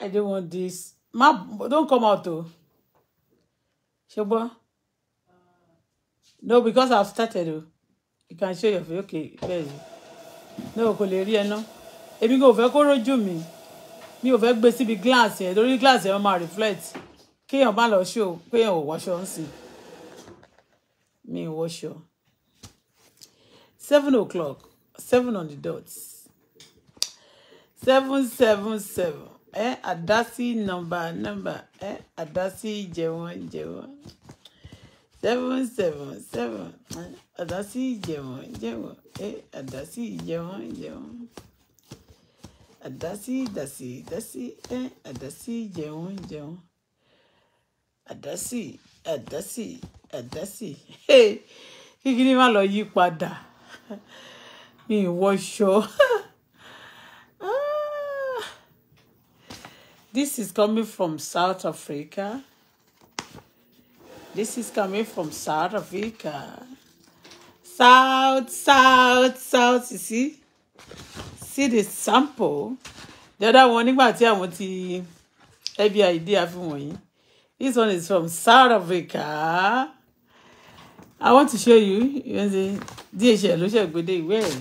I don't want this. Ma, don't come out though. Shobo? No, because I've started. Oh. You can show your face. Okay, there you. No, kò lè rí ẹ ná. Èmi kò fẹ́ kó rójú mi. Mi ò fẹ́ gbé síbi glass yẹn. Lórí glass yẹn máa reflect. lọ show pé èèyàn ò wọṣọ ń sìn. Mi ò wọṣọ. Seven o'clock. Seven on the dot. Seven, seven, seven. E, adasi si nọmba, nọmba. E, Ada si njem njem, Seven, seven, seven, ee adasi si njem njem, ee Ada si adasi njem, Ada si dasi dasi, ee adasi si njem njem, Ada si Ada si Ada si ee gịnị ma lọ yipada? E wọsọ This is coming from South Africa. This is coming from South Africa. South, South, South, you see? See the sample? The other one, nígbà tí àwọn ti FBI dé àfihàn yìí. This one is from South Africa. I want to show you. You can this DHL ló ṣe gbé dé this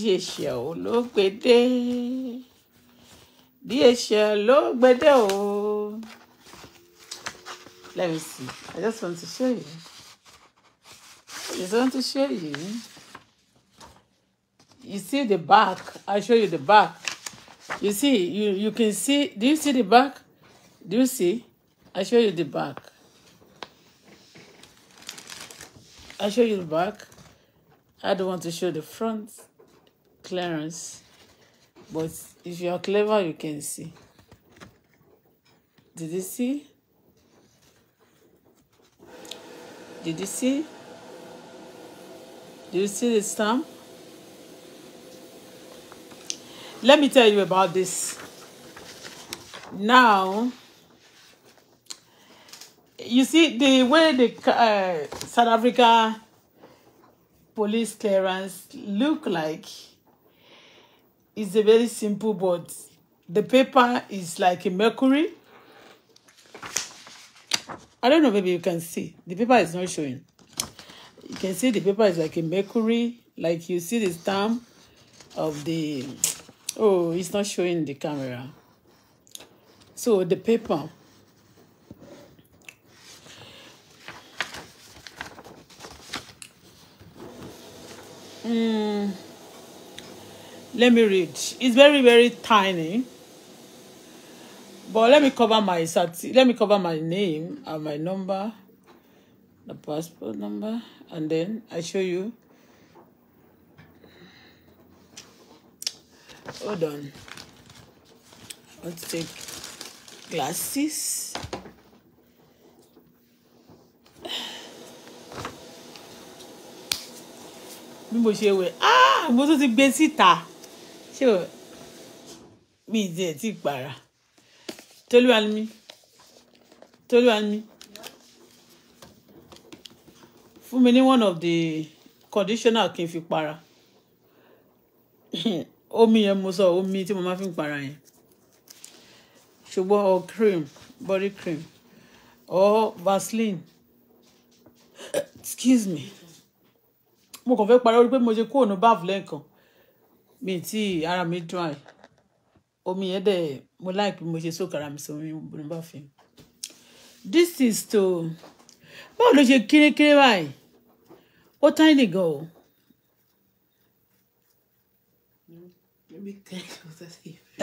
ẹ̀. DHL ló gbé dé. DHL ló gbédè o. Let me see. I just want to show you. I just want to show you. You see the back. I show you the back. You see, you you can see. Do you see the back? Do you see? I show you the back. I show you the back. I don't want to show the front clearance but if you are clever you can see did you see did you see do you see the stamp let me tell you about this now you see the way the uh, South Africa police clearance look like It's a very simple but the paper is like a mercury. I don't know, maybe you can see. The paper is not showing. You can see the paper is like a mercury. Like you see the stamp of the... Oh, it's not showing the camera. So the paper... Mm let me read it's very very tiny but let me cover my let me cover my name and my number the passport number and then I show you hold on let's take glasses bí mo ṣe wẹ̀ ah mo tún ti gbé síta ṣé o mi ì tiẹ̀ tí ì para tolúwa ni mí tolúwa ni mí fún mi ní one of the conditioner kí n fi para omi yẹn mo sọ omi tí mo máa fi ń para yẹn ṣùgbọ́n or cream body cream or vaseline excuse me mo kàn fẹ́ parí orí pé mo ṣe kúrò báàfù lẹ́ẹ̀kan mi tí ara mi dry omi yẹn dẹ̀ mo like mo ṣe sókè ara mi sí omi mo bá fi this is to báwo ló ṣe kéré-kéré báyìí ó tiny gan o.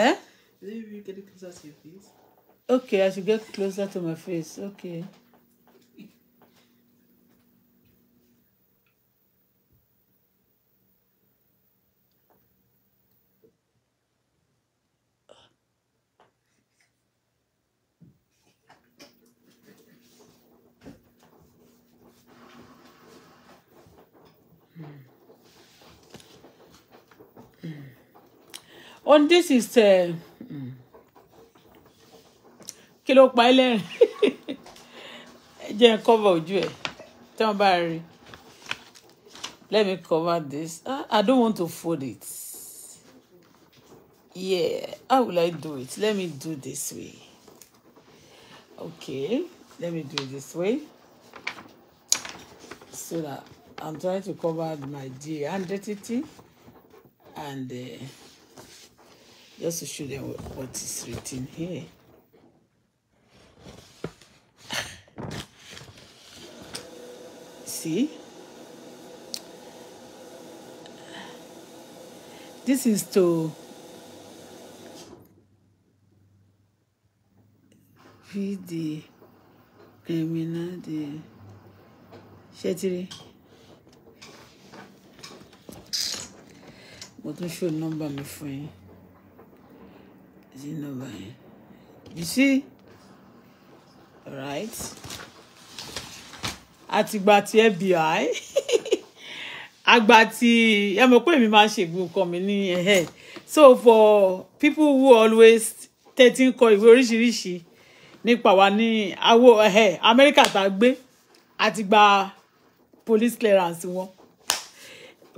Eh? Okay, I should get closer to my face. Okay. on this is uh, kí ló pa ẹlẹ́rìn jẹ́ n cover ojú ẹ̀ tí wọ́n bá rí let me cover this I don't want to fold it yeah how will I do it let me do this way okay let me do it this way so that I'm trying to cover my G identity and. Uh, just to show them what is written here. See? This is to feed the criminal, the Shetiri. Mo tún show number my friend. Is it not bad? You see? Alright. Àtìgbà tí FBI. Àgbà tí ẹ mọ̀ pé mi máa ṣe nǹkan mi ní ẹ̀hẹ́. So for people who always tẹ́tí ń kọ ìwé oríṣiríṣi nípa wa ní àwọ̀ ẹ̀hẹ́ Amẹ́ríkà tá a gbé gba police clearance wọn.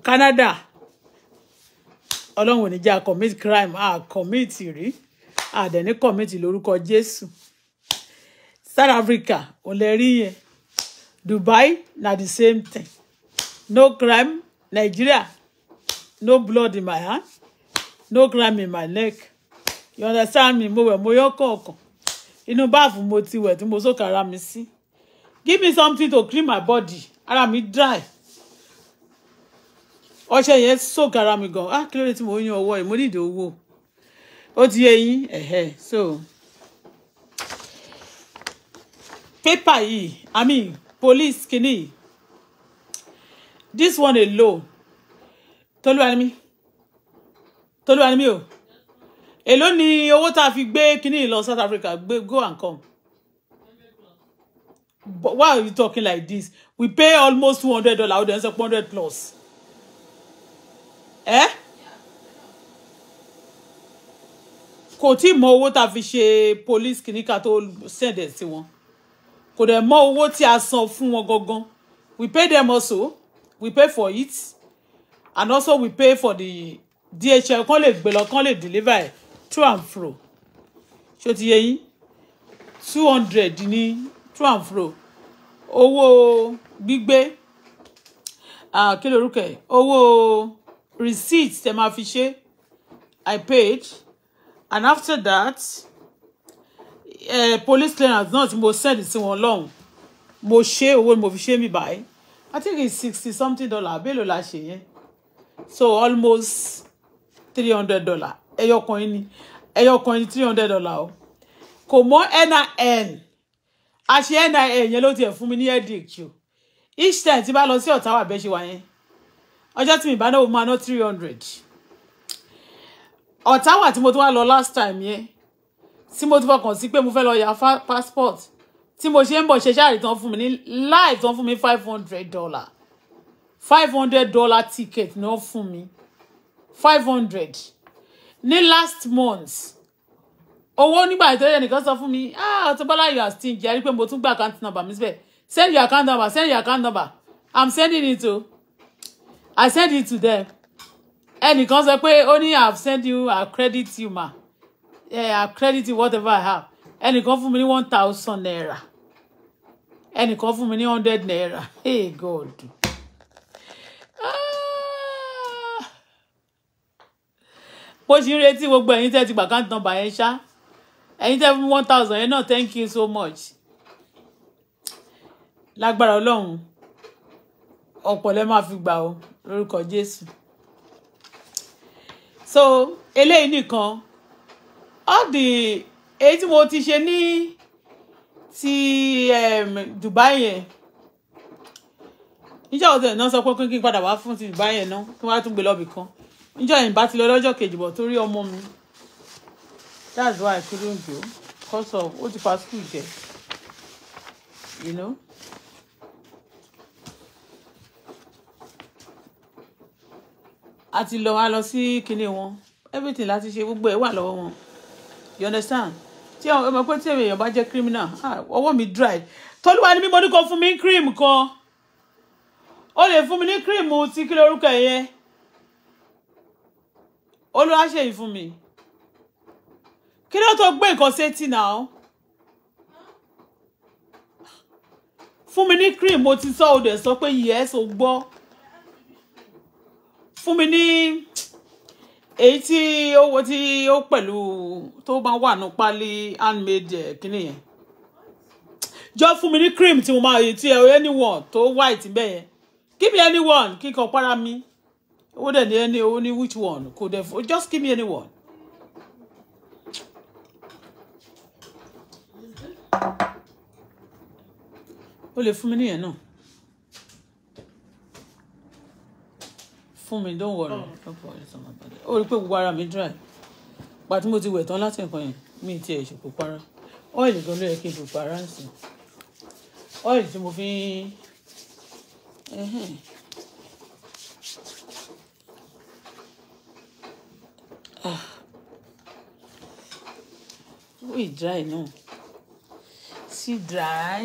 Canada ọlọ́run ò ní jẹ́ a commit crime a commit rí àdẹ̀ní kọ̀mìtì lórúkọ jésù south africa ò lè rí yẹn dubai na the same thing no crime nigeria no blood in my hand no crime in my neck you understand me mo wẹ̀ mo yọ kọ̀ọ̀kan inú báàfù mo ti wẹ̀ tí mo sókè ara mi sí give me something to clean my body ara mi dry ọṣẹ yẹn sókè ara mi gan ah kí ló dé tí mo yan ọwọ́ yìí mo nídìí owó ó ti yé ẹ̀hẹ́ so pépà yìí i mean police kìíní this one alone tolúwanimi tolúwanimi o èló ni owó tá a fi gbé kìíní lọ South Africa gbé go and come but why are you talking like this we pay almost two hundred dollars ó dẹ̀ ń hundred plus. Eh? kò tí mọ owó tá a fi ṣe police kìnníkà tó ṣẹ̀dẹ̀ sí wọn kò dẹ̀ mọ owó tí a san fún wọn gangan we pay them also we pay for it and also we pay for the DHL kan lè gbé lọ kan lè deliver to and fro ṣó ti yẹ yín two hundred ní to and fro owó gbígbé kí lorúkẹ owó receipt tẹ máa fi ṣe i paid and after that uh, police clearance náà tí mo send sí wọn long, mo ṣe owó ni mo fi ṣe mi báyìí i think it's sixty something dollar abéèlò la ṣe yẹn so almost three hundred dollar ẹyọkan yìí ni ẹyọkan yìí ni three hundred dollar o kò mọ NIN àṣẹ NIN yẹn ló tiẹ̀ fún mi ní headache o each time tí bá lọ sí ọ̀tá wà bẹ́ẹ̀ ṣe wà ọjọ́ tí mi bá náwó máa ná three hundred Ọ̀táwà tí mo ti wá lọ last time yẹn tí mo ti fọkàn sí pé mo fẹ́ lọ ya passport tí mo ṣe ń bọ̀ ṣe ṣáàrì tán fún mi ní láì tán fún mi five hundred dollar five hundred dollar ticket náà fún mi five hundred ní last month owó nígbà tó yẹ nìkan sọ fún mi ah Auto you are stingy àrí pé mo tún gba account number mi síbẹ̀ send your account number send your account number i'm sending it to i send it to them ẹnìkan sọ pé ó ní i have sent you i credit you ma yeah, i credit you whatever i have ẹnìkan fún mi ní one thousand naira ẹnìkan fún mi ní hundred naira hey god bó ah. ṣe ń retí gbogbo ẹ̀yin tẹ́ ti gbà káńtì nọ́mbà yẹn ṣá ẹ̀yin tẹ́ fún one thousand yẹn náà thank you so much lágbára ọlọ́run ọ̀pọ̀ lẹ́ máa fi gbà ó lórúkọ jésù so eléyìí nìkan all the èyí tí mo ti ṣe ní ti um, Dubai yẹn níjọ́ ọ̀tẹ̀ náà sọ pé kí n padà wá fún ti Dubai yẹn náà kí wọ́n á tún gbé lọ́bì kan níjọ́ yẹn bá ti lọ lọ́jọ́ kejì bọ̀ torí ọmọ mi that's why I couldn't go cause of ó ti pa school jẹ you know. a ti lọ a lọ sí kinní wọn everything láti ṣe gbogbo ẹ̀ wà lọ́wọ́ wọn you understand tí àwọn ọmọ pé tí èèyàn bá jẹ́ criminal ah, ọwọ́ mi dry tọ́lúwa ni mímọ́ ní kò fún mi ní cream kan ó lè fún mi ní cream tí kí lórúkọ yẹn olúwa ṣe yìí fún mi kí ló tó gbé nǹkan sétí náà fún mi ní cream mo ti sọ ọ́ dẹ̀ sọ pé yẹ́sọ̀ gbọ́. So fún mi ní èyí tí owó tí ó pẹ̀lú tó máa wà ní pálí handmade eh, kínní yẹn jọ fún mi ní cream tí mo máa yìí tí anyone tó white bẹ́ẹ̀ yẹn give me anyone kíkan para mi owó dẹ̀ ní ẹni owó ní which one kò dẹ̀ fún just give me anyone. o lè fún mi níyẹn náà. fún mi don't worry oh. don't worry it's my body ó rí pé gbogbo ara mi dry pa tí mo ti wẹ̀ tán láti nǹkan yẹn mi ti ẹ̀ ṣòkò para ọ́ìlì gan ló yẹ kí n fi para ń sìn ọ́ìlì tí mo fi ah. ó ì dry náà sí dry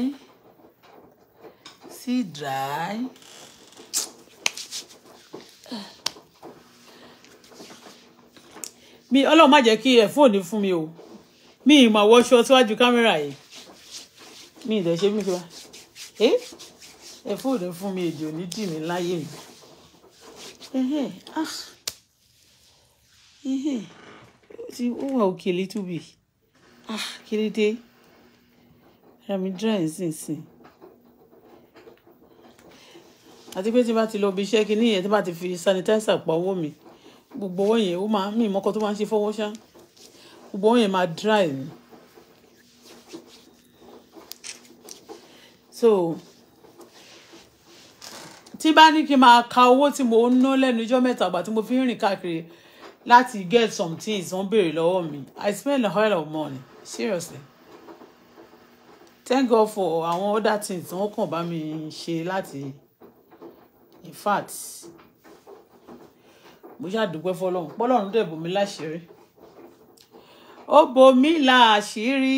sí dry. mi ọlọ́run má jẹ́ kí ẹ̀ fóònù fún mi o mi ì máa wọṣọ síwájú kámẹ́rà yìí mi ì dẹ̀ ṣe mí fi wá ẹ ẹ fóònù fún mi èdè òní dì mí láyé mi. Ah. ti ó wà òkè létúbì kérédé ara mi dry nísinsìn àti pé tí bá ti lọ bí iṣẹ́ kí níyẹn tí bá ti fi sanitizer pa owó mi gbogbo owó yẹn ó máa mi ìmọ̀kọ tó máa ń ṣe fọwọ́ ṣá gbogbo owó yẹn máa dry ni. so tí bá ní kí n máa ka owó tí mo ń ná lẹ́nu ijọ́ mẹ́ta àgbà tí mo fi ń rìn káàkiri láti get some things wọ́n béèrè lọ́wọ́ mi I spend a hell of money seriously thank God for àwọn other things wọ́n kàn bá mi ṣe láti in fact mo ṣáà dúpẹ́ fọlọ́run pọ́lọ́run dẹ̀ bòmí láṣìírí ó bòmí láṣìírí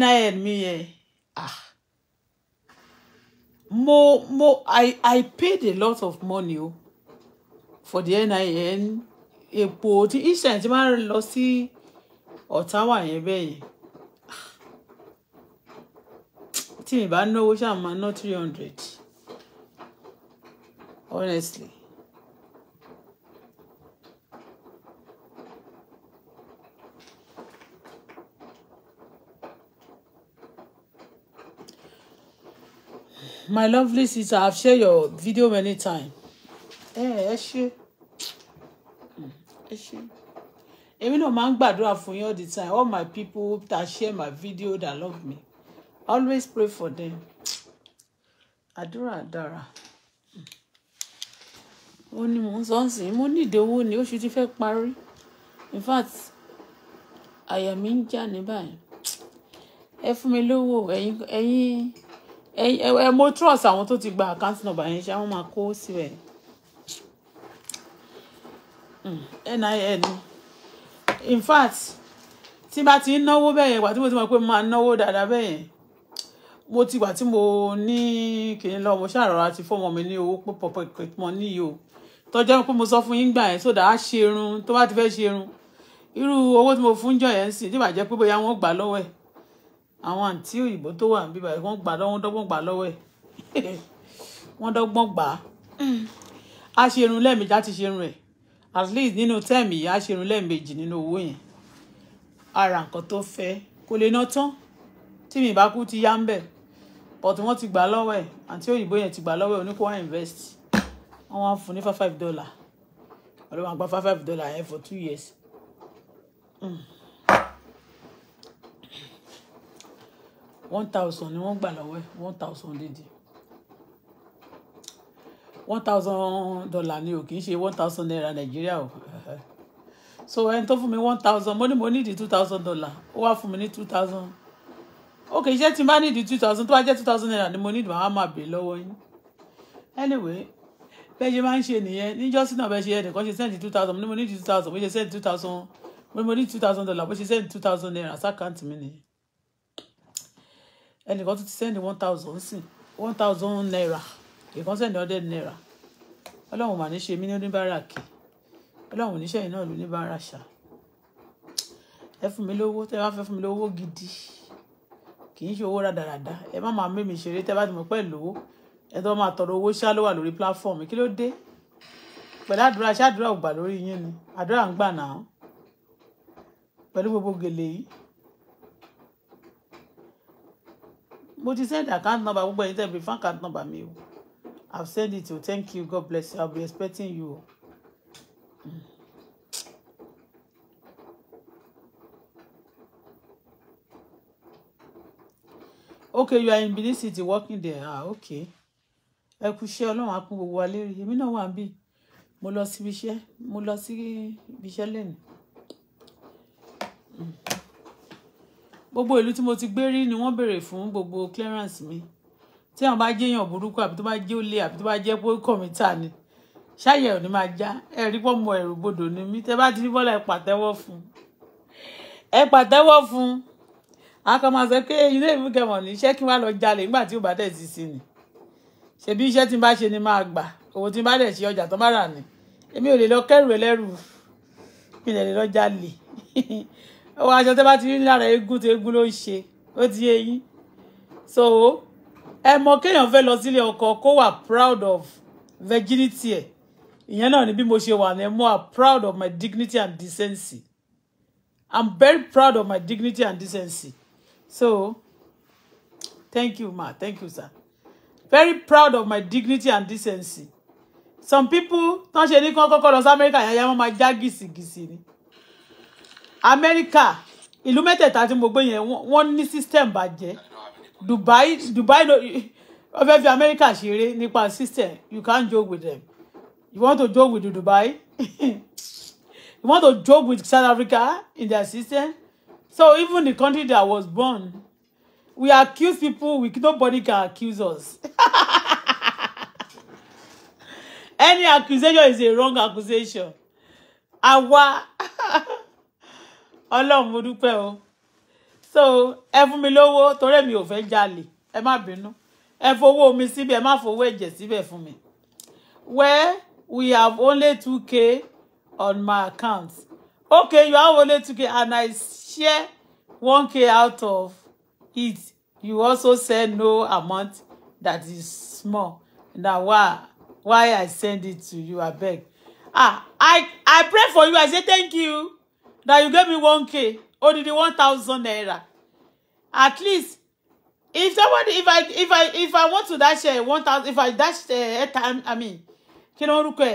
NIN mi yẹn ah mo mo I I paid a lot of money o for the NIN epo tí israel ti máa ń lọ sí ọ̀táwà yẹn bẹ́ẹ̀ yẹn ah. tí mi bá náwó ṣáà máa ná three hundred honestly my lovely sister I've shared your video many times. Eh, ẹ ṣe ẹ ṣe èmi náà máa ń gbàdúrà fún yín all the time all my people that share my video that love me always pray for them àdúrà dára ó ní mò ń sọ sí mo ní ìdówó ni oṣù in fact I am in jà ní báyìí ẹ fún mi lówó ẹ̀yin ẹ ẹ mo trust àwọn tó ti gba account number yẹn ṣé àwọn máa kó síbẹ̀ NIN hmm, in fact tí bá ti ń náwó bẹ́ẹ̀ yẹn wà tí mo ti mọ̀ pé mo máa náwó dáadáa bẹ́ẹ̀ yẹn mo ti wà tí mo ní kìí lọ mo ṣàrọ̀ra ti fọ́mọ mi ní owó pọ̀pọ̀ pẹ̀pọ̀ níyì o tọ́jọ́ pé mo sọ fún yín gbà yẹn sódà á ṣe irun tó bá ti fẹ́ ṣe irun irú owó tí mo fún jọ yẹn ń sìn tí pé bóyá wọ́n gbà lọ́wọ́ ẹ̀ àwọn àǹtí òyìnbó tó wà níbí báyìí wọ́n gbà lọ́wọ́ wọ́n dọ́gbọ́n gbà lọ́wọ́ ẹ̀ wọ́n dọ́gbọ́n gbà á a ṣe irun lẹ́ẹ̀mejì á ti ṣe irun ẹ̀ at least nínú tẹ́ẹ̀mì yìí á ṣe irun lẹ́ẹ̀mejì nínú owó yẹn ara nǹkan tó fẹ́ kò lè ná tán tí mi bá kú ti yá ń bẹ̀ but wọ́n ti gbà lọ́wọ́ ẹ̀ àǹtí òyìnbó yẹn ti gbà lọ́wọ́ ẹ̀ oníkó wá invest wọ́n wá fún ní five five dollar ọlọ́wọ́n àgbà five five dollar yẹn for two years. Mm. one thousand ni wọ́n gbà lọ́wọ́ ẹ̀ one thousand dídì one thousand dollar ni o kì í ṣe one thousand naira nàìjíríà o so ẹni tó fún mi one thousand mo ní mo nídìí two thousand dollar ó wá fún mi ní two thousand ok iṣẹ́ tí n bá nídìí two thousand tó bá jẹ́ two thousand naira ni mo nídìí màá máa bèè lọ́wọ́ yín anyway bẹ́ẹ̀ ṣe máa ń ṣe nìyẹn níjọ́ sínú ọ̀bẹ ṣe ẹnìkan ṣe send two thousand mo ní mo nídìí two thousand mo ṣe send two thousand mo ní mo ní two thousand dollar mo ṣe send two thousand naira sákàǹtì mi nìyẹn ẹnìkan tún ti sẹ́ndì one thousand sìn one thousand naira ìkan sẹ́ndì hundred naira ọlọ́run mà ní ṣe mí ní oníbàárà kì ọlọ́run oníṣẹ́yìn náà ló níbàárà ṣá ẹ fún mi lówó tẹ́ bá fẹ́ fún mi lówó gidi kì í ṣe owó rádaràda ẹ má máa mímì ṣeré tẹ́ bá ti mọ̀ pẹ́ lówó ẹ tó máa tọrọ owó ṣá ló wà lórí pílàfọ́ọ̀mù kí ló dé pẹ̀lú àdúrà ṣáàdúrà ò gbà lórí yín ni àdúrà ń gbà náà pẹ̀lú gbogbo gèlè yìí mo ti send account number gbogbo ẹ̀yin tẹbi fún account number mi o i've send it o thank you god bless you i'll be expecting you o. Mm. okay you are in Benin City working there ah okay ẹ kú iṣẹ́ Ọlọ́run á kún gbogbo wa lérí èmi náà wà níbí mo lọ síbi iṣẹ́ mo lọ sí ibi iṣẹ́ gbogbo ìlú tí mo ti gbé rí ni wọ́n béèrè fún gbogbo clearance mi tí àwọn bá jẹ́ èèyàn burúkú àbí tó bá jẹ́ olè àbí tó bá jẹ́ pé kọ̀mítà ni ṣáyẹ̀ ò ní máa já ẹ rí pọ́ mọ ẹ̀rù bodò ni mí tẹ́ bá ti rí bọ́lá ẹ pàtẹ́wọ́ fún ẹ pàtẹ́wọ́ fún akọ́mọ̀sọ pé ilé ìfúkẹ́mọ̀ ní iṣẹ́ kí n wá lọ jalè nígbà tí ò bá tẹ̀ sí sí ni ṣebí iṣẹ́ tí n bá ṣe ni máa gbà owó tí n bá dẹ̀ ṣe ọjà tó bá rà ni èmi ò lè lọ kẹ́rù ẹlẹ́rù mi lè lọ jalè ọwọ́ aṣọ tẹ́ bá ti rí lára eégún tó eégún ló ń ṣe ó ti yé so ẹ mọ kéèyàn fẹ́ lọ sílé ọkọ kó wà proud of virginity ẹ̀ ìyẹn náà ni bí mo ṣe wà ní mo are proud of my dignity and decency i'm very proud of my dignity and decency so thank you ma thank you sir very proud of my dignity and decency some people tán ṣe ní kán kọ́kọ́ lọ sí amẹ́ríkà yẹn yẹn wọ́n máa já gìsìgìsì ni amẹ́ríkà ìlú mẹ́tẹ̀ẹ̀ta tí mo gbé yẹn wọ́n ní system bàjẹ́ dubai dubai no wọ́n fẹ́ fi amẹ́ríkà ṣeré nípa system you can't joke with them you want to joke with dubai you want to joke with south africa in their system so even the country that was born we accuse people we nobody can accuse us any accusation is a wrong accusation àwa ọlọ́run mo dúpẹ́ o so ẹ fún mi lówó torí èmi ò fẹ́ jalè ẹ má bínú ẹ fowó mi síbẹ̀ ẹ má fowó ẹ̀jẹ̀ síbẹ̀ fún mi where we have only two k on my account okay you have only two k and I share one k out of it you also send no amount that is small na why why I send it to you abeg ah I I pray for you I say thank you that you gave me 1k odidi 1000 naira at least if somebody if i if i if i want to dash uh, eh, 1000 if i dash a eh, time, i mean can ló ń rúkọ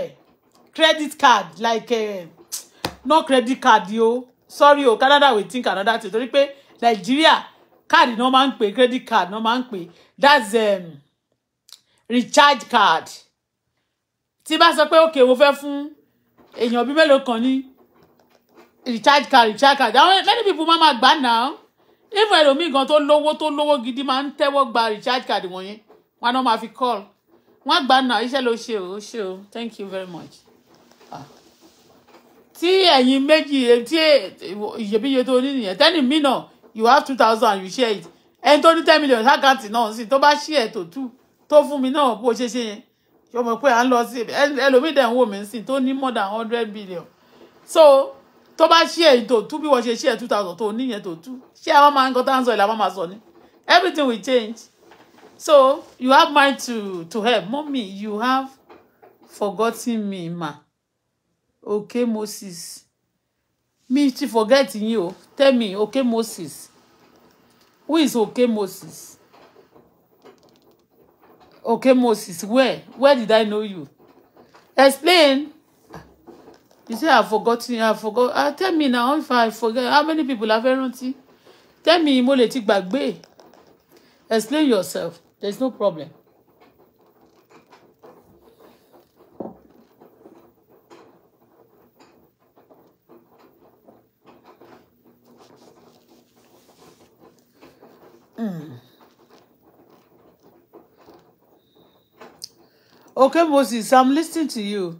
credit card like uh, not credit card yo sorry yo. Canada we think another thing torí pé Nigeria card No man pay credit card No man pay. that's um, recharge card Tiba sa sọ pé okay mo fẹ́ fún èèyàn bíi mélòó kan ní recharge card recharge card àwọn many people máa ma gbà náà even ẹlòmíì gan tó lówó tó lówó gidi máa ń tẹ́wọ́ gba recharge card wọ̀nyẹn wọn náà máa fi call wọn gbà náà iṣẹ́ ló ṣe o ṣe o thank you very much. Ah. tí ẹ̀yin méjì tí ìyẹ̀bíyẹ tó ní nìyẹn tẹ́nì mí náà you have two thousand you share it ẹni tó ní ten million sákàtì náà sí tó bá ṣí ẹ̀ tó tú tó fún mi náà bó ṣe ṣe yẹn ṣọmọ pé à ń lọ sí ẹlòmíì dẹ̀ ń wò mí sí tó ní more than hundred billion so tó bá ṣí ẹ̀ tó tú bí wọ́n ṣe ṣí ẹ̀ two thousand tó níyẹn tó tú ṣé àwọn máa ń kọ́ táwọn sọ ìlà máa sọ ni everything will change so you have mind to to help mommy you have forgotten me ma okay Moses Me, ti forget yín o tell me okay Moses who is okay Moses okay Moses where where did I know you explain you say I've forgotten I've forgot ah tell me now if i forget how many people la fẹ́ rántí tell me mo lè ti gbàgbé explain yourself There's no problem. Mm. Okay, Moses, I'm listening to you.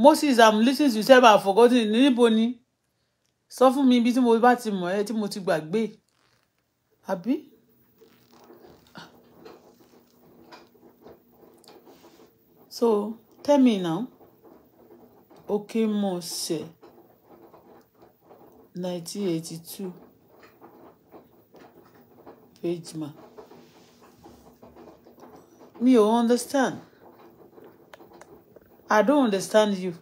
Moses i'm listening to yourself i'm forgotten níbo ni sọ fún mi ibi tí mo bá ti mọ̀ ẹ́ tí mo ti gbàgbé àbí. so tell me now okay mose nineteen eighty two page ma mi ò understand I don't understand you.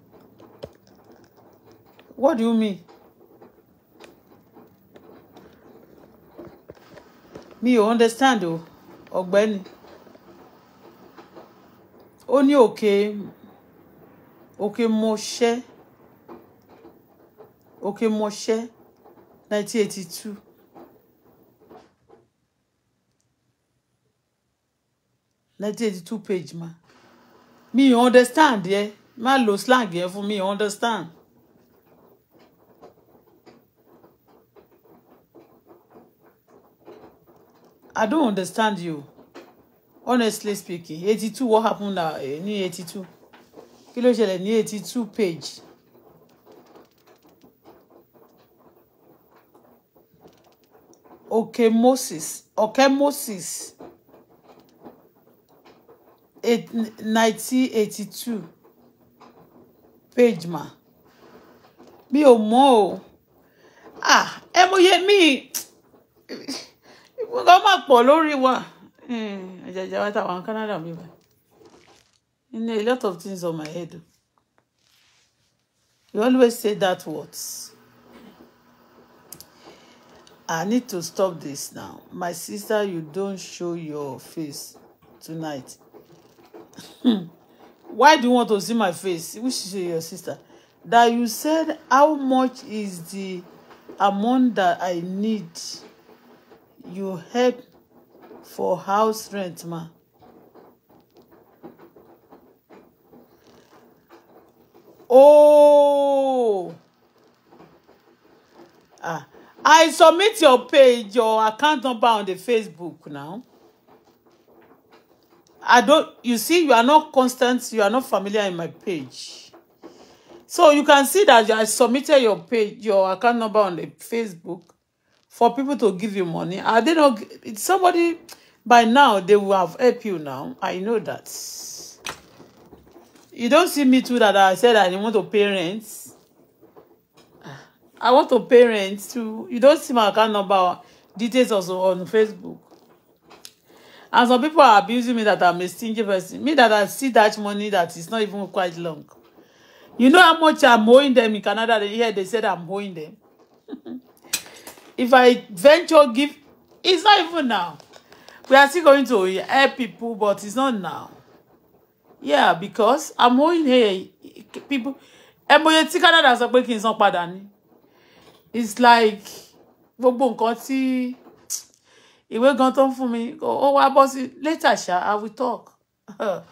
What do you mean? Me ò understand o, Ogbeni. Only okay. Okay, Moshe. Okay, Moshe. mọṣẹ́ eighty two. nineteen eighty two page ma. Me understand yẹ má lo slang yẹn fún mi understand. I don't understand you honestly speaking eighty two what happen na eh, ní eighty two kí ló ṣẹlẹ̀ ní eighty two page. okay Moses okay Moses nineteen eighty two page ma mi ò mọ̀ o ah ẹ mo yẹ mí ìpínlẹ̀ ọmọ pọ̀ lórí wa àjàjà hmm, wa táwọn Canada mi bá in a lot of things on my head you always say that words I need to stop this now my sister you don't show your face tonight Hmm. why do you want to see my face which is your sister that you said how much is the amount that I need you help for house rent ma. Oh, ah, I submit your page, your account number on the Facebook now. I don't, you see, you are not constant, you are not familiar in my page. So you can see that I submitted your page, your account number on the Facebook for people to give you money. I did not, somebody, by now, they will have helped you now. I know that. You don't see me too that I said I want to pay rent. Ah, I want to pay rent too. You don't see my account number details also on Facebook and some people are abusing me that i'm a stingy person me that i see that money that is not even quite long you know how much i'm owing them in canada here yeah, they said i'm owing them if i venture give it's not even now we are still going to help people but it's not now yeah because i'm owing here people ẹmọye tí canada sọ pé kí n san padà ni it's like gbogbo nǹkan tí ìwé gan tó ń fún mi ó wá bọ́ sí later ṣá i will talk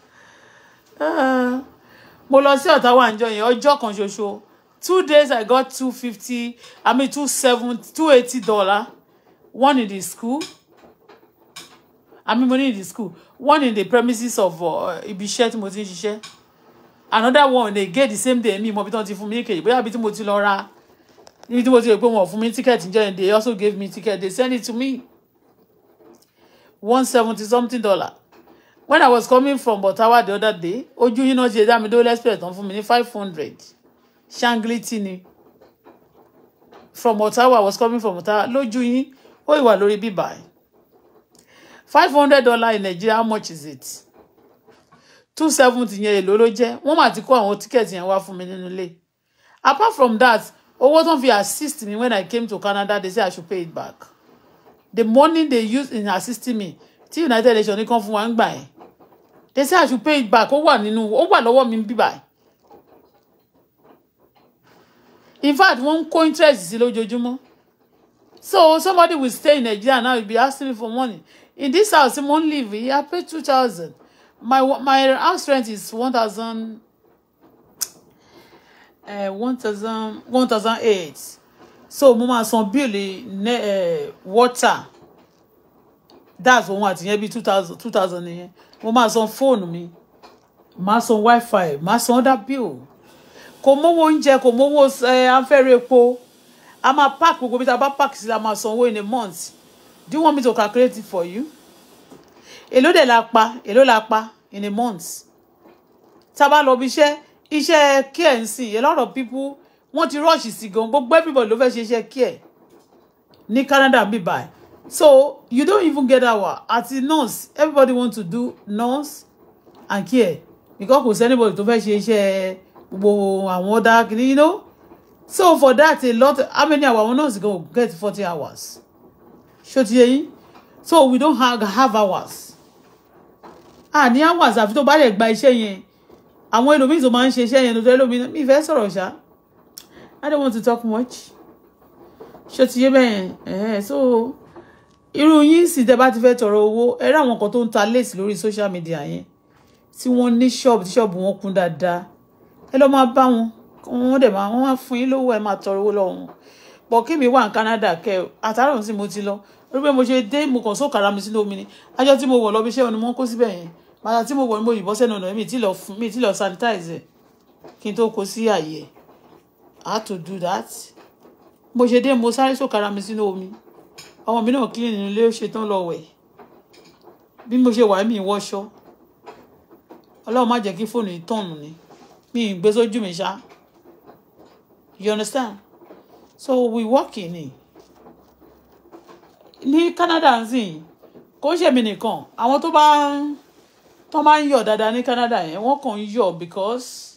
mo lọ sí ọ̀tá wà níjọ yẹn ọjọ́ kan ṣoṣo two days i got two fifty i mean two seven two eighty dollar one in the school i mean money in the school one in the premises of uh, ibi iṣẹ́ tí mo ti ń ṣiṣẹ́ another one they get the same day mi mo bí tí wọ́n ti fún mi èkejì bóyá ibi tí mo ti lọ ra ibi tí mo ti rò pé wọn ò fún mi ticket ǹjẹ́ they also gave me ticket they send it to me one seventy something dollar when i was coming from botawa the other day ojú yín náà ṣe dá mi dóòlà express on fún mi ní five hundred ṣáńgìlìtì ni from botawa i was coming from botawa lójú yín ó ìwà lórí bíbá ẹ five hundred dollar in nigeria how much is it two seventy yẹn èlò ló jẹ́ wọ́n mà ti kó àwọn tíkẹ́ẹ̀tì yẹn wá fún mi nínú ilé apart from that owó tó ń fi assist me when i came to canada they say i should pay it back the money they use in assisting me tí united nations ní kan fún wa ń gbà yẹn they say i should pay it back ó wà nínú ó wà lọ́wọ́ mi bíbà in fact wọ́n ń kó interest sí lójoojúmọ́ so somebody will stay in nigeria now he be asking me for money in this house mo ń live i pay two thousand my my house rent is one thousand uh, one thousand one thousand eight so mo máa san bíìlì water that's òun àtìyẹn bíi two thousand two thousand nìyẹn mo máa san fóònù mi máa san wifi máa san other bill kò mówó oúnjẹ kò mówó afẹ́rẹ́ epo a máa park gbogbo bí ta bá park sí la máa san owó in a month do you want me to calculate it for you èló dẹ̀ la pa èló la pa in a month tá a bá lọ bí iṣẹ́ iṣẹ́ care ń a lot of people wọ́n ti rush sí gan gbogbo everybody ló fẹ́ ṣe iṣẹ́ kí ẹ̀ ní Canada bí báyìí so you don't even get that hour àti nurse everybody want to do nurse and care because kò sí anybody tó fẹ́ ṣe iṣẹ́ gbogbo àwọn ọ̀dà kìíní you know so for that a lot how many hours àwọn nurse go get forty hours ṣó ti so we don't have, have hours ah ní hours àfi tó bá lè gba iṣẹ́ yẹn àwọn ẹlòmíì tó máa ń ṣe iṣẹ́ yẹn lọ́dọ̀ ẹlòmíì mi ìfẹ́ sọ̀rọ̀ ṣáá I don't want to talk much ṣé ti yé bẹ́ẹ̀ so irú yín sì tẹ́ bá ti fẹ́ tọrọ owó ẹ àwọn kan tó ń ta lace lórí social media yẹn tí wọ́n ní ṣọ́ọ̀bù tí ṣọ́ọ̀bù wọn kún dáadáa ẹ lọ́ máa bá wọn wọ́n dẹ̀ máa wọ́n máa fún yín lówó ẹ máa tọrọ owó lọ́wọ́ wọn bọ̀ kémi wà ní Canada kẹ àtàrọ̀ sí mo ti lọ orí pé mo ṣe dé mo kàn sóò kára mi sínú omi ni ajọ́ tí mo wọ̀ lọ bí iṣẹ́ ni wọ́n kó síbẹ̀ yẹn bàtà tí mo wọ̀ ni mo yìnbọn sẹ́nu ọ̀nà mi ti lọ sanitize kí n tó kó sí àyè ẹ̀ I had to do that mo ṣe dé mo sáré sòkara mi sínú omi ọmọ mi náà kílì nínú ilé ó ṣe tán lọ wẹ̀ bí mo ṣe wà mí wọṣọ ọlọ́run má jẹ́ kí fóònù yìí tọ̀nù ni mi ì gbé sójú mi ṣá you understand so we work in it ní Canada ń sìn kò ń ṣèmi nìkan àwọn tó bá ń tó máa ń yọ̀ dáadáa ní Canada yẹn wọ́n kàn ń yọ̀ because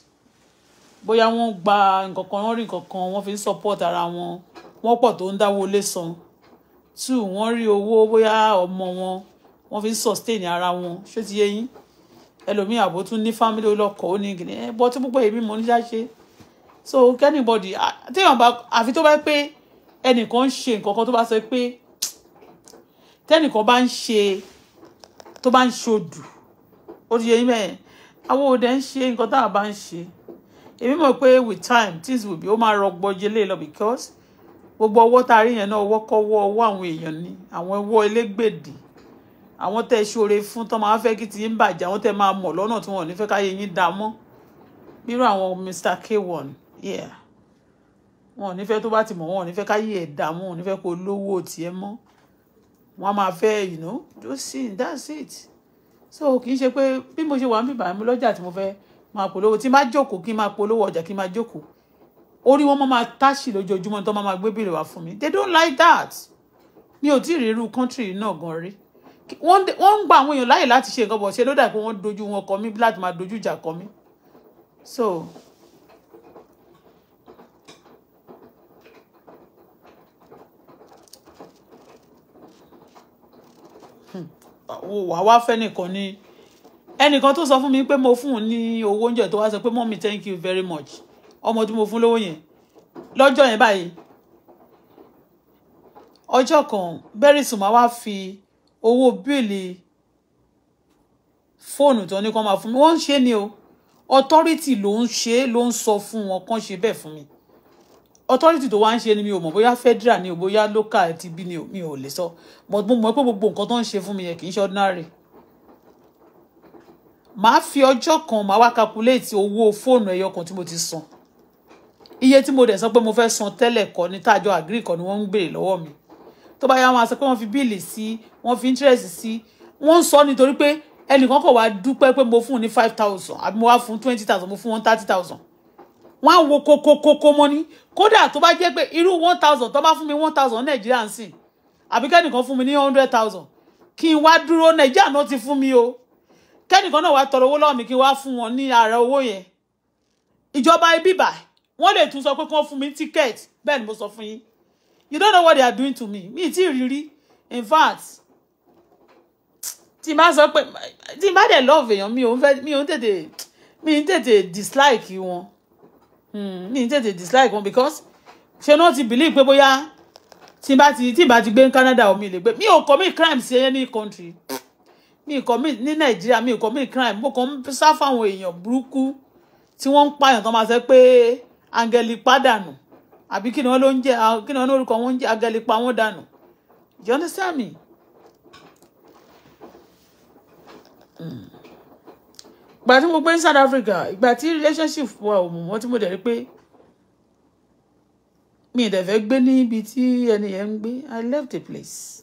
bóyá wọ́n gba nǹkan kan wọ́n rí nǹkan kan wọ́n fi ń support ara wọn wọ́n pọ̀ tó ń dáwó lé san two wọ́n rí owó bóyá ọmọ wọn wọ́n fi ń sustain ara wọn ṣé ti yé yín ẹlòmíì àbò tún ní family olóko ó ní gidi ẹ bọ́ tí púpọ̀ èmi mò ń ṣáṣe so anybody téèyàn bá àfi tó bá pé ẹnìkan ń ṣe nǹkan kan tó bá sọ pé tẹ́nìkan bá ń ṣe tó bá ń ṣodù ó ti yé yín mẹ́ẹ̀ àwọn òde ń ṣe nǹkan tá a bá ń ṣe èmi mọ̀ pé with time things will be ó máa rọgbọ jẹlé lọ because gbogbo ọwọ́ tá a rí yẹn náà ọwọ́ kọ́wọ́ ọwọ́ àwọn èèyàn ni àwọn ọwọ́ elégbèdè àwọn tẹ́ ẹ ṣoore fún tán máa fẹ́ kí ti yín bàjẹ́ àwọn tẹ́ máa mọ̀ lọ́nà tí wọ́n ní fẹ́ káyé yín dá mọ́ bírò àwọn Mr k one. yeah wọn ò ní fẹ́ tó bá ti mọ̀ wọn ò ní fẹ́ káyé ẹ̀ dá mọ́ wọn ò ní fẹ́ kó lówó tiẹ̀ mọ́ wọn a máa fẹ́ you know just sin that's it so kì í ṣe pé bí mo ṣe wà ń bìbà mi lọ́jà tí mo fẹ́ máa polówó tí n bá jókòó kí n máa polówó ọjà kí n máa jókòó orí wọn máa táṣì lójoojúmọ́ tó máa gbé bèrè wá fún mi they don't like that mi ò tí ì rí irú country náà gan rí wọ́n ń gba àwọn èèyàn láàyè láti ṣe nǹkan bọ̀ ṣe ló dà pé wọ́n dojú wọn kọ mí láti máa dojú ìjà kọ mí so hmm, wàá wá fẹ́ nìkan ní ẹnìkan tó sọ fún mi pé mo fún un ní owó oúnjẹ tó wá sọ pé mọ́mí thank you very much ọmọ tí mo fún lówó yẹn lọ́jọ́ yẹn báyìí ọjọ́ kan bẹ́rì sùn máa wá fi owó bíìlì fóònù tó ní kó máa fún mi wọ́n ń ṣe ni o authority ló ń ṣe ló ń sọ fún wọn kán ṣe bẹ́ẹ̀ fún mi authority tó wá ń ṣe ni mi ò mọ̀ bóyá federal ni o bóyá local ti bí ni mi ò lè sọ but mo mọ̀ pé gbogbo nǹkan tó ń ṣe fún mi yẹn kì í ṣe ordinary màá fi ọjọ́ kan màá wá calculate owó fóònù ẹyọ kan tí mo ti san iye tí mo dẹ̀ sọ pé mo fẹ́ san tẹ́lẹ̀ kọ́ ní tájọ agree kọ́ ni wọ́n ń béèrè lọ́wọ́ mi tó bá yá wọn àṣẹ pé wọ́n fi bíìlì sí wọ́n fi interest sí wọ́n ń sọ nítorí pé ẹnìkan kò wá dúpẹ́ pé mo fún un ní five thousand àbí mo wá fún twenty thousand mo fún wọn thirty thousand wọ́n á wo kókókókó mọ́ ní kódà tó bá jẹ́ pé irú one thousand tó bá fún mi one thousand nàìjíríà ń sìn àbí kẹ́nìkan fún mi ní hundred thousand kí n wá dúró nàìjíríà náà ti fún mi o kẹ́nìkan náà wá tọrọ owó lọ́wọ́ mi kí n wá fún wọn ní ààrẹ owó yẹn ìjọba ibi bá wọ́n lè tún sọ pé kí wọ́n fún mi ticket bẹ́ẹ̀ ni mo sọ fún yín you don't know what they are doing to me mi ì tí ì rírí in fact tí n bá sọ pé tí n bá dẹ̀ love èèyàn mi ò ń fẹ́ mi ò ń tètè mi ń tètè dislike wọn hmm, mi ń tètè dislike wọn because ṣé náà ti believe pé bóyá tí n bá ti tí n bá ti gbé ní Canada omi lè gbé mi ò commit crimes sí any country mi commit ní nàìjíríà mi commit crime mo kàn ń sá fáwọn èèyàn burúkú tí wọ́n ń pààyàn tó máa sọ pé angeli pàdánù àbí kí ni wọ́n ló ń jẹ́ kí ni wọ́n lórúkọ wọn ń jẹ́ angeli pa wọ́n dànù you understand me. Hmm. ìgbà tí mo gbé ní South Africa ìgbà tí relationship wa ò mú wọn tí mo dẹ̀ rí pé mi ì dẹ̀ fẹ́ gbé níbi tí ẹni ń gbé I left the place.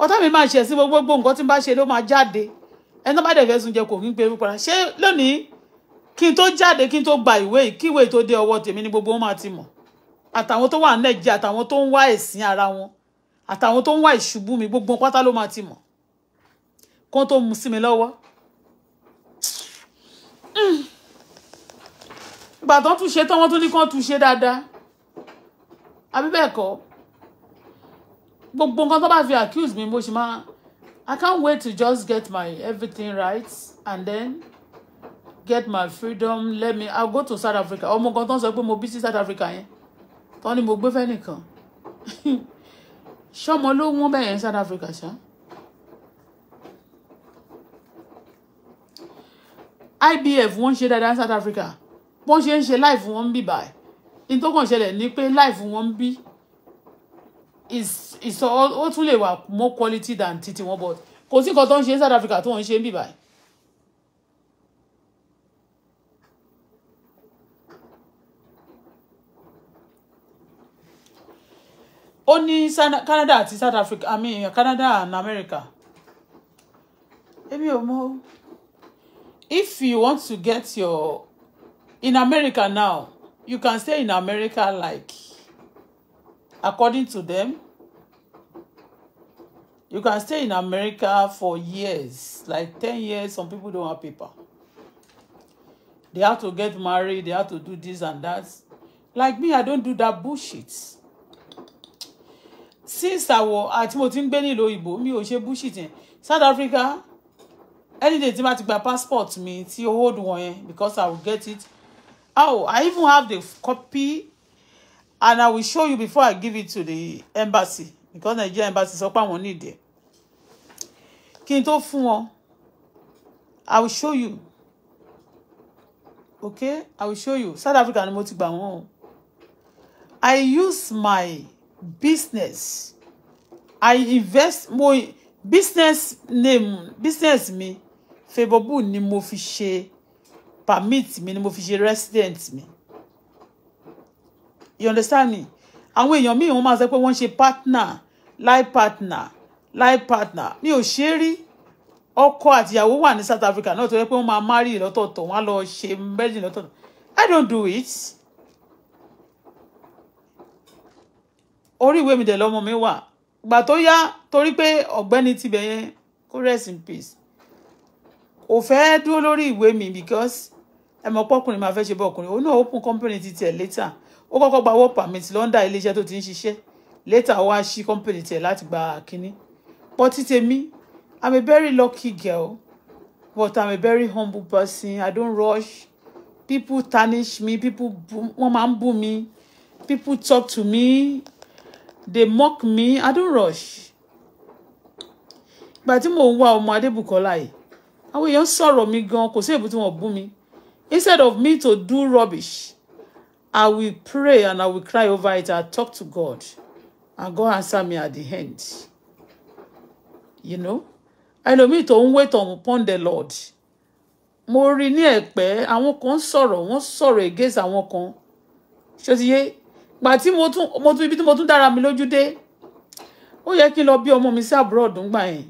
ọ̀tá mi máa ń ṣe sí gbogbo nǹkan tí n bá ṣe ló máa jáde ẹni tó bá dẹ̀ fẹ́ sun jẹ kò ní gbé pípa ṣé lónìí kí n tó jáde kí n tó gba ìwé kí ìwé tó dé ọwọ́ tèmi ni gbogbo wọn máa ti mọ̀ àtàwọn tó wà ní nàìjíríà àtàwọn tó ń wá ẹ̀sìn ara wọn àtàwọn tó ń wá ìṣubú mi gbogbo pátá ló máa ti mọ̀ kó tó mu sí mi lọ́wọ́. Hmm. ìgbà tó tún ṣe tán wọ́n tún ní kán tún ṣe dáadáa àbí bẹ́ẹ̀ kọ́ gbogbo nǹkan tó bá fi accuse me, mo ṣe máa I can't wait to just get my everything right and then get my freedom let me I'll go to South Africa ọmọ kan tó ń sọ pé mo bí sí South Africa yẹn tó ní mo gbé fẹ́ nìkan ṣọmọ ló wọ́n bẹ́ẹ̀ yẹn South Africa ṣá. IBF wọ́n ń ṣe dáadáa South Africa wọ́n ṣe ń ṣe life wọ́n ń bì báyìí ní tó kàn ṣẹlẹ̀ ni pé life wọ́n ń is is ó tún lè wà more quality than titi wọn but kò sí nǹkan tó ń ṣe South Africa tó ń ṣe ń bì báyìí. ó ní Canada àti South Africa I mean Canada and America èmi ò if you want to get your in America now you can stay in America like according to them you can stay in America for years like ten years some people don't have paper they have to get married they have to do this and that like me I don't do that bullshit since I was at ah, ti Beni gbé nílò ìbò mi ò bullshit yẹn South Africa any day I take my passport me see old one because I will get it oh I even have the copy and i will show you before i give it to the embassy because nigeria embassy sọ pé àwọn need it kí n tó fún wọn i will show you okay i will show you south africa ni mo ti gbà wọn o i use my business i invest mo business name business mi favourable ni mo fi ṣe permit mi ni mo fi ṣe resident mi you understand me àwọn èèyàn míì wọ́n máa sọ pé wọ́n ń ṣe partner life partner life partner mi ò ṣe é rí ọkọ àtìyàwó wà ní South Africa náà tó yẹ pé wọ́n máa marry lọ́tọ̀ọ̀tọ̀ wọ́n á lọ ṣe marriage lọ́tọ̀ọ̀tọ̀ I don't do it orí ìwé mi dẹ̀ lọ́mọ mi wà gbà tó yá torí pé ọ̀gbẹ́ni tibẹ̀ yẹn kó rest in peace ò fẹ́ dúró lórí ìwé mi because ẹ mọ̀ pọ́kùnrin máa fẹ́ ṣe bọ́ ọkùnrin òun náà ó company ti tẹ̀ later ó kọ́kọ́ gba work permit lọ́ndà iléeṣẹ́ tó ti ń ṣiṣẹ́ later wá sí company tiẹ̀ láti gba kínní but ti tèmi i'm a very lucky girl but i'm a very humble person i don't rush people tarnish me people wọ́n máa ń bú mi people talk to me they mock me i don't rush ìgbà tí mò ń wá ọmọ adébùkọ́lá yìí àwọn èèyàn sọ̀rọ̀ mi gan kò sí èbúté wọn bú mi instead of me to do rubbish I will pray and I will cry over it. I'll talk to God. And God answer me at the end. You know? I Ẹlòmíì tó to wait upon the Lord. More rí ní I àwọn kan sorrow. wọ́n sorrow against I kan. Ṣé ti yé? Gbà tí mo tún mo tún ibi tí mo tún dára mi lójú dé. Ó yẹ kí n lọ bí ọmọ mi sí abroad ń gbà yẹn.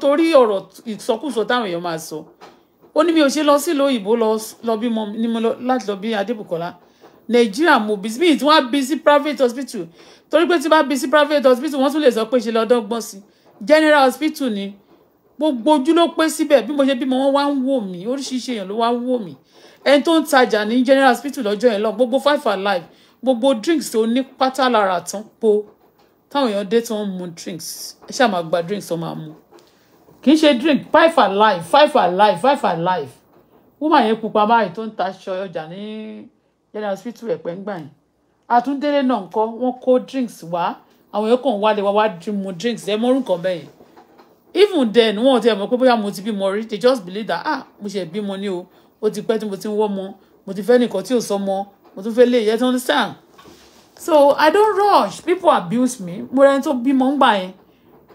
Torí ọ̀rọ̀ ìsọkúsọ táwọn èèyàn máa sọ. Ó ní mi ò ṣe lọ sí ìlú òyìnbó lọ bímọ láti lọ bí nàìjíríà mo bí mi tí wọ́n bí sí private hospital torí pé tí bá bí sí private hospital wọ́n tún lè sọ pé ṣe lọ́dọ́ gbọ́n sí general hospital ni gbogbo ojú ló pé síbẹ̀ bí mo ṣe bímọ wọ́n wá ń wò mí oríṣiríṣi èèyàn ló wá ń wò mí ẹni tó ń tajà ní general hospital lọ́jọ́ yẹn lọ gbogbo five alive gbogbo drinks tó ní pátá lára tán po táwọn èèyàn dé tí wọ́n mu drinks ẹ ṣáà máa gba drinks tó máa mu kì í ṣe drink five alive five alive five alive woman yẹn pupa báyìí tó ń taṣọ ọjà ní. Ni then, tẹ́lẹ̀ hospital ẹ̀pẹ́ ń gbà yẹn àtúndélé náà ńkọ́ wọ́n kó drinks wá àwọn èèyàn kàn wá lè wá wá mu drinks ẹ mọ́rún kan bẹ́ẹ̀ even then wọn ò tẹ mọ̀ pé bóyá mo ti bímọ rí they just believe that ah mo ṣe bímọ ni o ó ti pẹ́ tí mo ti ń wọ́mọ mo ti fẹ́ nìkan tí ò sọmọ mo tún fẹ́ lé ìyẹn tó ń sàn so i don't rush people abuse me mo rẹni tó bímọ ń gbà yẹn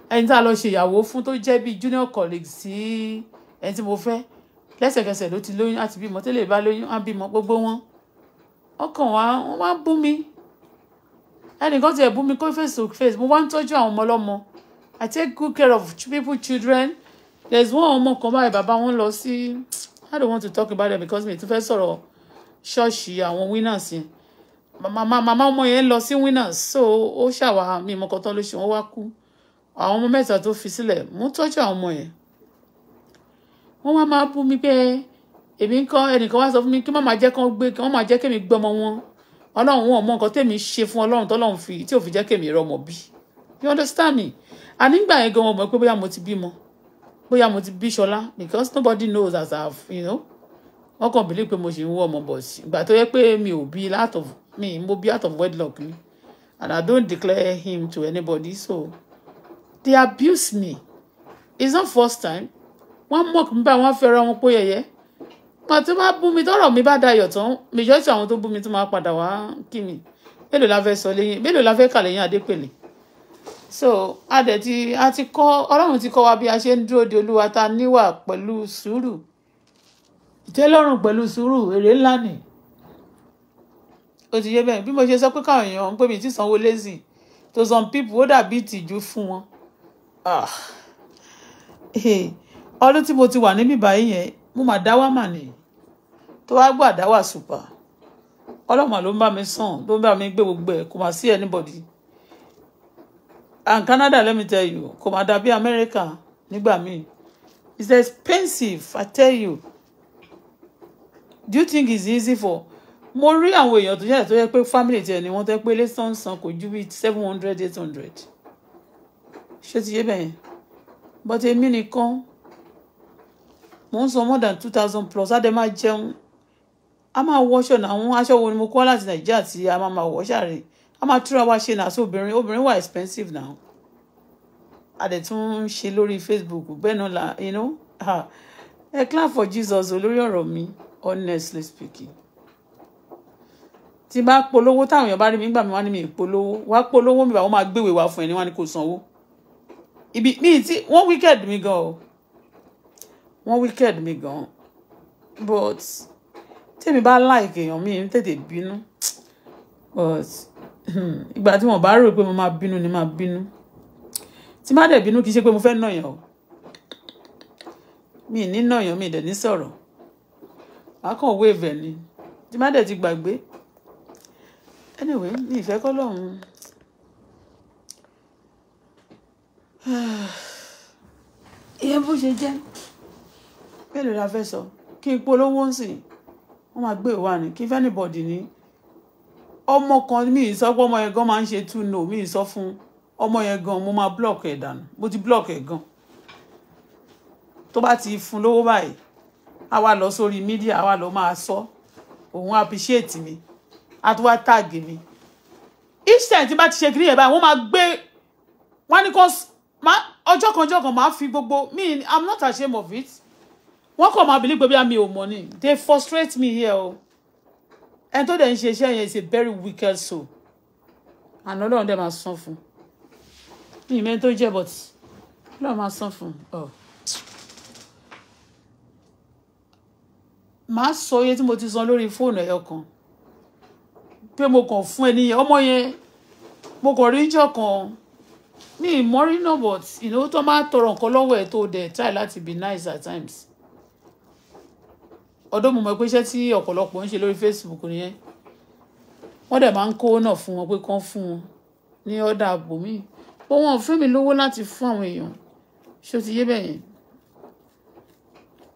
ẹni tá a lọ ṣe ìyàwó fún tó jẹ́ bíi junior colleague sí ẹni tí mo fẹ́ lẹ́sẹ̀kẹsẹ̀ ló ti lóyún àti bímọ tẹ́lẹ̀ bá lóyún á bímọ gbogbo wọn ọkàn wa wọ́n máa ń bú mi ẹnìkan tiẹ̀ bú mi kó face to face mo wá ń tọ́jú àwọn ọmọ I take good care of people children there is one ọmọ kan báyìí bàbá wọn lọ sí I don't want to talk about it because mi tún fẹ́ sọ̀rọ̀ ṣọ́ọ̀ṣì àwọn winners yẹn màmá mama, ọmọ yẹn lọ sí winners so ó ṣàwà mi ìmọ̀kan tán ló ṣe wọ́n wá kú àwọn ọmọ mẹ́ta tó fi sílẹ̀ mo ń tọ́jú àwọn ọmọ yẹn wọ́n wá máa bú mi bẹ́ẹ̀ èmi ń kọ́ ẹnìkan wá sọ fún mi kí wọ́n máa jẹ́ kán gbé kí wọ́n máa jẹ́ kémi gbé ọmọ wọn ọlọ́run wọn mọ nǹkan tèmi ṣe fún ọlọ́run tọ́lọ́run fi tí ò fi jẹ́ kémi rọmọ bí you understand me and nígbà yẹn gan wọn pé bóyá mo ti bímọ bóyá mo ti bí ṣọlá because nobody knows as i you know wọn kàn believe pé mo ṣì ń wọ ọmọ bọ̀ sí ìgbà tó yẹ pé mi ò bí out of mi mo bí out of wedlock mi and i don't declare him to anybody so they abuse me it's not first time wọn mọ̀ nípa wọn fẹ́ràn wọn pé yẹyẹ wọn tó máa bú mi tọrọ mi bá dayọ̀ tán majority àwọn tó bú mi tó máa padà wá kí mi mélòó la fẹ́ sọ lẹ́yìn mélòó la fẹ́ kà lẹ́yìn adépèlé so adẹ ti a ti kọ́ Ọlọ́run ti kọ́ wa bí a ṣe ń dúró de Olúwa ta níwà pẹ̀lú sùúrù ìtẹ́lọ́rùn pẹ̀lú sùúrù èrè ńlá ni ó ti yé bẹ́ẹ̀ bí mo ṣe sọ pé káwọn èèyàn ń pè mí tí sanwó lẹ́sìn to some people ó dàbí ìtìjú fún wọn ah. eh, ọdún tí mo ti wà níbí báyìí yẹn mo mà dáwà mà ní tó wá gbà dáwà sùpà ọlọ́mà ló ń bá mi sàn ló ń bá mi gbé gbogbo ẹ̀ kò mà sí anybody and Canada let me tell you kò mà dàbí America nígbà míì it's expensive I tell you do you think it's easy for mo rí àwọn èèyàn tó yàtọ̀ tó yẹ pé family tiẹ̀ ni wọ́n tẹ́ pé lẹ́sàn san kò ju bíi seven hundred eight hundred ṣé ti yé bẹ́ẹ̀ yẹn but èmi nìkan mò ń san more than two thousand plus á dẹ máa jẹun a máa wọṣọ náà àwọn aṣọ wo ni mo kọ́ láti nàìjíríà tí a máa máa wọṣà rè a máa túra wa ṣe náà sí obìnrin obìnrin wà expensive náà a dẹ̀ tún ń ṣe lórí facebook bẹ́ẹ̀ náà la you know Ha. ẹ clap for jesus olórí ọ̀rọ̀ mi honestly speaking tí bá polówó táwọn èèyàn bá rí mi nígbà mi wá ní mi polówó wá polówó mi bá wọn máa gbéwèé wá fún ẹ ní wọn ni kò sanwó ibi mi ti wọn wicked mi gan o wọ́n wicked mi gan but tèmi bá like èèyàn mi ń tètè bínú but hmm, ìgbà tí wọ́n bá rò pé mo máa bínú ni máa bínú tí má dẹ̀ bínú kì í ṣe pé mo fẹ́ nàyàn o mi ní nàyàn mi dẹ̀ ní sọ̀rọ̀ akọ̀ wave ẹ̀ ni tí má dẹ̀ ti gbàgbé anyway mi ìfẹ́ kọ́ lọ́hùn. ìyẹn bó ṣe jẹ́ mélòó la fẹ́ sọ kí n polówó ń sìn wọ́n máa gbé ìwà ni kí fẹ́nìbọ̀dì ní ọmọ kan mi ì sọ pé ọmọ yẹn gan máa ń ṣe tún nù mi ì sọ fún ọmọ yẹn gan mo máa block ẹ̀ dànù mo ti block ẹ̀ gan tó bá ti fún lówó báyìí a wá lọ sórí mídíà a wá lọ máa sọ òun appreciate mi a tún wá tag mi each time tí bá ti ṣe kiri yẹn báyìí wọ́n máa gbé wọ́n á ní kó ọjọ́ kan ọjọ́ kan máa fi gbogbo me i'm not ashamed of it wọ́n kàn máa believe pé bí àmì ò ni they frustrate me here o ẹni tó dẹ̀ ń ṣe iṣẹ́ yẹn is a very wicked soul àná lọ́run dẹ̀ máa san fún un ìmẹ́ni tó jẹ́ but lọ́run máa san fún un. Oh. màá sọ iye tí mo ti san lórí fóònù ẹ̀yọ kan pé mo kàn fún ẹni yẹn ọmọ yẹn mo kàn rí jọ kan mi ìmọ̀rí náà but ìnáwó tó máa tọrọ nǹkan lọ́wọ́ ẹ̀ tó dẹ̀ try láti be nice at times ọdún mo mọ̀ pé iṣẹ́ tí ọ̀pọ̀lọpọ̀ ń ṣe lórí Facebook nìyẹn wọ́n dẹ̀ máa ń kó náà fún wọn pé kán fún wọn ní ọ̀dà àbòmíì bó wọn ò fún mi lówó láti fún àwọn èèyàn ṣó ti yé bẹ́yẹn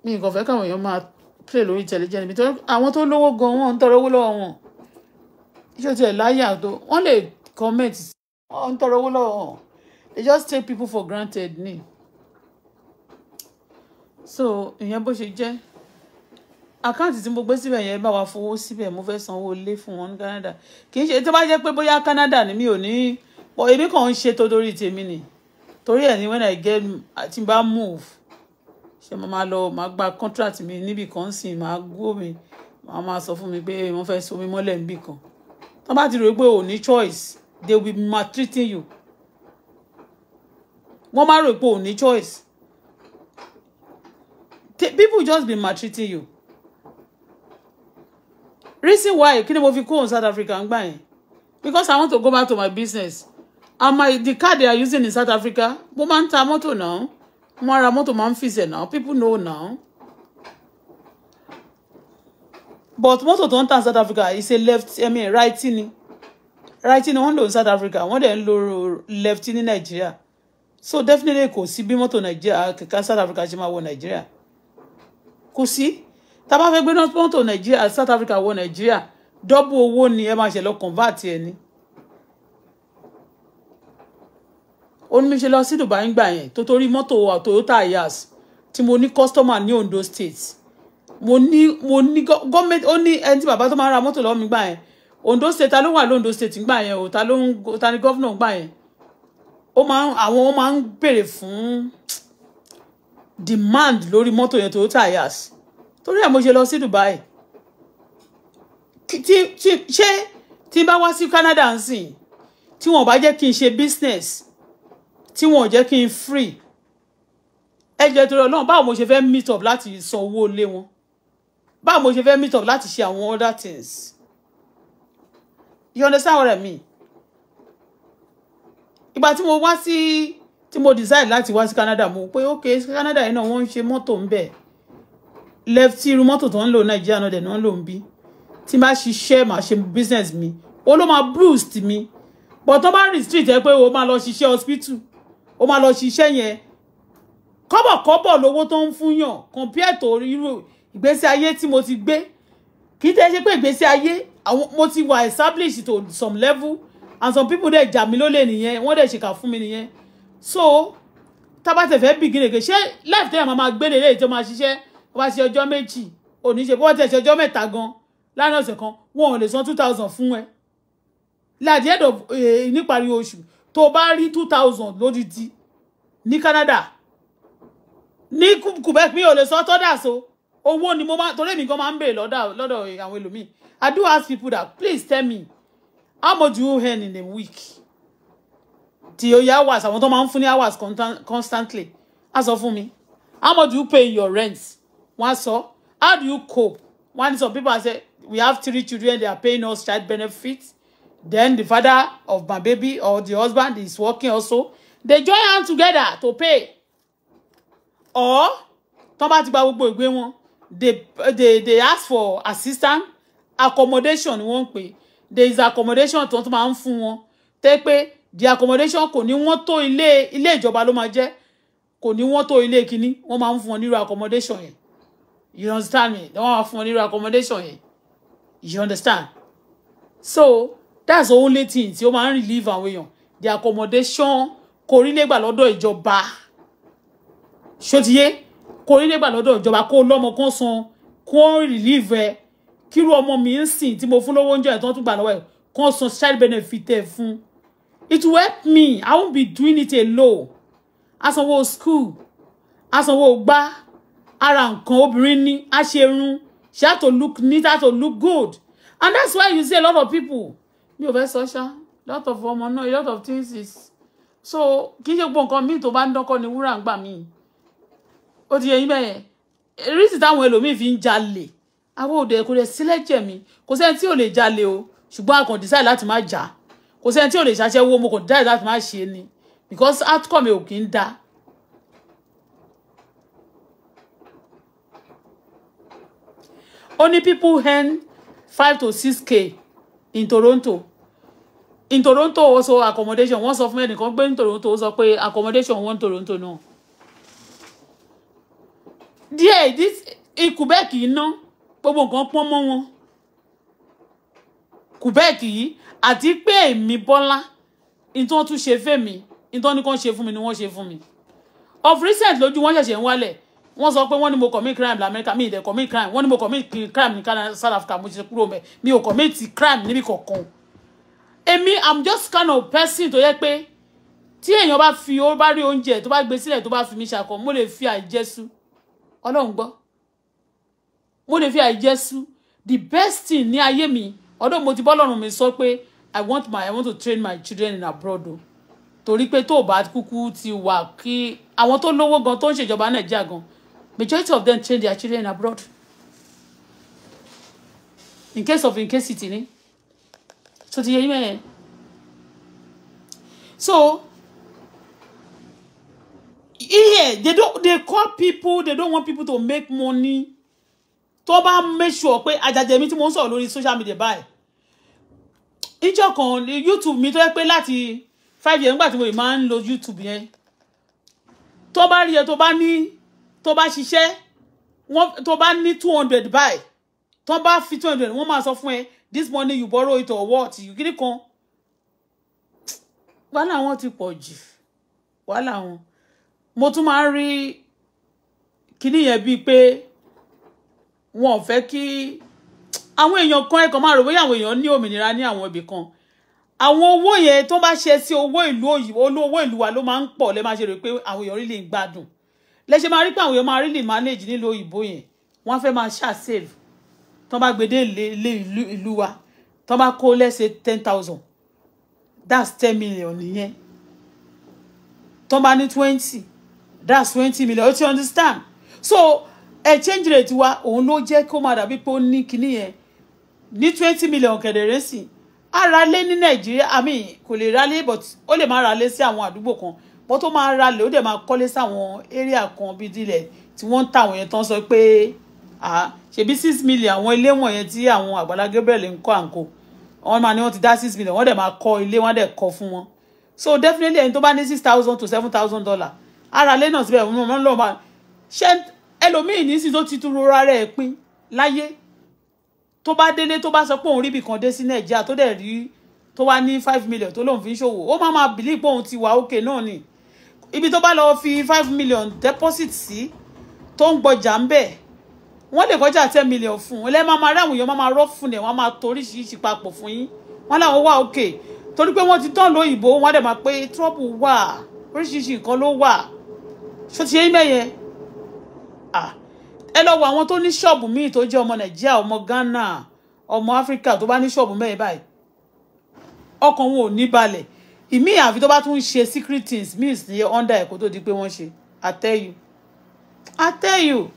mi nǹkan fẹ́ káwọn èèyàn máa play lórí tẹlifíṣàn mi torí àwọn tó lówó gan wọn ń tọrọ owó lọ́wọ́ wọn ṣó tiẹ̀ láyà tó wọ́n lè comment wọ́n ń tọrọ owó lọ́wọ́ wọn they just take people for granted ni so ìyẹn bó ṣe jẹ́ àkáǹtì tí mo gbé síbẹ̀ yẹn bá wa fowó síbẹ̀ mo fẹ́ sanwó ilé fún wọn ní Canada kì í ṣe tó bá jẹ́ pé bóyá Canada ni mi ò ní pọ̀ èmi kàn ń ṣe tó torí tèmi nì torí ẹ̀ ni when I get tí n bá move ṣe mo máa lọ máa gba contract mi níbì kan sìn máa gbó mi máa máa sọ fún mi pé wọ́n fẹ́ so mi mọ́lẹ̀ níbì kan tó bá ti rò pé ò ní choice they will be maltreating you wọ́n máa rò pé ò ní choice people just be maltreating you reason why kí ni mo fi kó on South Africa ń yẹn because I want to go back to my business and my the car they are using in South Africa mo máa ń ta mọ́tò náà mo ara mọ́tò máa ń fìṣẹ̀ náà people know now but mọ́tò tó ń ta South Africa is a left I mean right ni right ni wọ́n ń lò ní South Africa wọ́n dẹ̀ ń lo left ní Nigeria. so definitely kò sí bí mọ́tò Nigeria kẹ̀kẹ́ South Africa ṣe máa wọ Nigeria. kò sí tá a bá fẹ́ gbé náà mọ́tò nàìjíríà South Africa wọ nàìjíríà dọ́bù owó ni ẹ máa ṣe lọ convert ẹ ní. ó ní mi ṣe lọ sí Dubai ńgbà yẹn tó torí mọ́tò Toyota Hiace tí mo ní kọ́sítọ́mà ní Ondo State mo ní mo ní gọ́ọ̀mẹ̀ntì ó ní ẹni tí bàbá tó máa ra mọ́tò lọ́wọ́ mi gbà yẹn Ondo State ta ló wà lóndo State ńgbà yẹn o ta ló ń ta ni gọ́fúnà ńgbà yẹn ó máa ń àwọn ó máa ń béèrè fún demand lórí mọ́tò yẹn Toyota Hiace torí ẹ̀ mo ṣe lọ sí Dubai tí tí ṣé tí bá wá sí Canada ń sìn tí wọn ò bá jẹ́ kí n ṣe business tí wọn ò jẹ́ kí n free ẹ jẹ́ torí Ọlọ́run báwo mo ṣe fẹ́ meet up láti san owó lé wọn báwo mo ṣe fẹ́ meet up láti ṣe àwọn other things you understand what I mean ìgbà tí mo wá sí tí mo decide láti wá sí Canada mo pé ok Canada yìí náà wọ́n ń ṣe mọ́tò ń bẹ̀ẹ́ left irú mọ́tò tó ń lò nàìjíríà náà dẹ̀ náà lò ń bí tí n bá ṣiṣẹ́ màá ṣe business mi ó ló máa boost mi but tó bá restrict ẹ pé o máa lọ ṣiṣẹ́ hospital o máa lọ ṣiṣẹ́ yẹn kọ́bọ̀kọ́bọ̀ lówó tó ń fún yàn compare to irú ìgbésí ayé tí mo ti gbé kì í tẹ́ ṣe pé ìgbésí ayé mo ti wà established to some level and some people dẹ̀ jà mí lólè nìyẹn wọ́n dẹ̀ ṣèkà fún mi nìyẹn so tábàtẹ̀ fẹ́ bìgìrègè ṣé life tẹ́yà máa gbé lélẹ́yìí tó máa ṣiṣẹ́ ó bá ṣe ọjọ́ méjì òní ṣe bọ́ọ̀tì ẹ̀ṣẹ̀ ọjọ́ mẹ́ta gan lánàá ọ̀sẹ̀ kan wọn ò lè san two thousand fún ẹ láti ẹ̀dọ̀ eh, níparí oṣù tó bá rí two thousand lódìdí ní Canada ní Quebec mi ò lè san tọ́dà so owó ni mo máa torí èmi gan máa ń béèrè lọ́dọ̀ àwọn ẹlòmíì I do ask people that please tell me how much you earn in a week ti oye hours àwọn tó máa ń fún ní hours constantly á sọ fún mi how much you pay in your rent wọ́n á how do you cope wọ́n some people say we have three children they are paying us child benefits. then the father of my baby or the husband is working also they join hands together to pay or they they they ask for assistance accommodation ni wọ́n there is accommodation tó man máa Take fún wọn the accommodation kò ní wọ́n tó ile ilé ìjọba ló máa jẹ́ kò ní wọ́n tó ilé kínní wọ́n máa ń fún accommodation yẹn you understand me wọ́n wá fún ọ nírú accommodation yẹn you understand so that's the only thing tí ó máa ń relieve àwọn èèyàn the accommodation kò rí lẹ́gbà lọ́dọ̀ ìjọba ṣótiyé kò rí lẹ́gbà lọ́dọ̀ ìjọba kó lọ́mọ kan san kó relieve ẹ kírú ọmọ mi ń sìn tí mo fún lówó oúnjẹ ẹ̀ tó ń tún gbà lọ́wọ́ kan san child benefit ẹ̀ fún it will help me i won't be doing it alone asanwó school asanwó gbá ara nǹkan obìnrin ni á ṣe irun she had to look neat had to look good and that's why you see a lot of people mi ò fẹ́ sọ ṣá lot of ọmọ náà a lot of things is so kì í ṣe gbogbo nǹkan míì tó bá ń dọ́kọ́ ni wúrà ń gbà míì ó ti yẹ yín bẹ́ẹ̀ rísì táwọn ẹlòmíì fi ń jalè àwọn òde kò lè sílẹ̀ jẹ̀ mí kò sẹ́ni tí ò lè jalè o ṣùgbọ́n a kàn decide láti má jà kò sẹ́ni tí ò lè ṣàṣẹ́wó mo kàn decide láti má ṣe ni because outcome ò kì í da only people earn five to six k in Toronto in Toronto also accommodation wọ́n sọ fún ẹnìkan gbé ní Toronto ó sọ accommodation One Toronto no. There this in Quebec yìí ná gbogbo nǹkan pọ́n mọ́ wọn Quebec yìí àti pé èmi Bọ́lá ìtàn tún ṣe fẹ́mi ìtàn ní kan ṣe fún mi ni wọ́n ṣe fún mi of recent lójú wọn ṣẹ̀ṣẹ̀ ń wálẹ̀ wọ́n sọ pé wọ́n ní mo commit crime lamẹ́ríkà mi ì dẹ̀ commit crime wọ́n ní mo commit crime ní Canada South Africa mo ti kúrò mẹ́ mi ò commit crime níbi kankan èmi i'm just kind of person tó yẹ pé tí èèyàn bá fi ó bá rí oúnjẹ tó bá gbé sílẹ̀ tó bá fi mi ṣàkọ mo lè fi àìjẹsú ọlọ́run gbọ́ mo lè fi àìjẹsú the best thing ní ayé mi ọdún mo ti bọ́ lọ́rùn mi sọ pé i want my i want to train my children in abroad o torí pé tó o bá kúkú ti wà kí àwọn tó lówó gan tó ń ṣèjọba nàìjíríà gan Majority of them train their children abroad. In case of in case city, eh? So ti yẹyin So yeah, they don't they call people they don't want people to make money. Toba make sure pé ajajẹmi tí mo ń sọ̀rọ̀ lórí social media báyìí. Ìjọ kan YouTube mi tó yẹ pé láti five years But tí mo lè máa YouTube yẹn. Toba bá rí ẹ tó bá ṣiṣẹ́ wọ́n tó bá ní two hundred buy. tó bá fi two hundred wọ́n máa sọ fún ẹ this morning you borrow it or what you kiri kan wàhálà wọn ti pọ̀ jù wàhálà wọn mo tún máa ń rí kinní yẹn bíi pé wọn ò fẹ́ kí àwọn èèyàn kan ẹ̀kọ́ máa rò bóyá àwọn èèyàn ní òmìnira ní àwọn ibì kan àwọn owó yẹn tó bá ṣe sí owó ìlú òyìnbó olówó ìlú wa ló máa ń pọ̀ lẹ́ máa ṣe rò pé àwọn èèyàn rí lè gbádùn lẹ́sẹ̀ máa rí pé àwọn èèyàn máa rí lè manage nílùú òyìnbó yẹn wọ́n fẹ́ máa ṣà save tán bá gbèdé ilé ìlú wa tán bá kó lẹ́sẹ̀ ten thousand that's ten million nìyẹn tán bá ní twenty that's twenty million o ti understand so exchange rate wa òun ló jẹ́ kó máa dàbí pé ó ní kinní yẹn ní twenty million kẹ̀dẹ̀rẹ́ sí i a ra lé ní nàìjíríà mean, kò lè ra lé but ó lè má ra lé sí àwọn àdúgbò kan bọ́n tó máa ralẹ̀ ó dẹ̀ máa kọ́lé sáwọn area kan bíi dilẹ̀ tí wọ́n ń ta àwọn yẹn tán sọ pé ṣebí six million àwọn ilé wọ̀nyẹn tí àwọn Àgbàlá Gabriel ń kọ́ àǹkó wọ́n máa ní wọ́n ti dá six million wọ́n dẹ̀ máa kọ́ ilé wọ́n dẹ̀ kọ́ fún wọn so definitely ẹni tó bá ní six thousand to seven thousand dollar ara ilé náà síbẹ̀ wọn máa ń lọ máa ṣe ẹlòmíì nísìsiyìí tó ti tún rora rẹ̀ pin láyé tó bá délé tó bá sọ pé òun ríbi kan dé sí Nàìjíríà tó dẹ̀ rí tó wá ní five million tó lóun fi ń ṣòwò ó máa máa bìlí pé òun ti wà òkè náà nìyí ibi tó bá lọ fi five million deposit sí tó ń gbọjà ń bẹ̀ wọ́n lè kọjá ten million fún un lẹ́ẹ̀ máa máa ráwùn yẹn máa máa rọ́ fún ẹ̀ wọ́n máa toríṣiríṣi papọ̀ fún yín wọ́n làwọn wà òkè torí pé wọ́n ti tán lóyìnbó wọ́n á dẹ̀ máa pé trọ́bù wà oríṣiríṣi nǹkan ló wà ṣó ti yẹn mẹ́yẹn ẹ lọ wo àwọn tó ní ṣọ́ọ̀bù míì tó jẹ́ ọmọ nàìjíríà ọmọ ghana ọmọ áfíríkà tó bá ní ṣọ́ọ̀bù mẹ́yẹn báyìí ọkàn wọn ò ní balẹ̀ ìmí àfi tó bá tún ṣe secret things means ní under ẹ̀kọ́ tó di pé wọ́n ṣe I tell you I tell you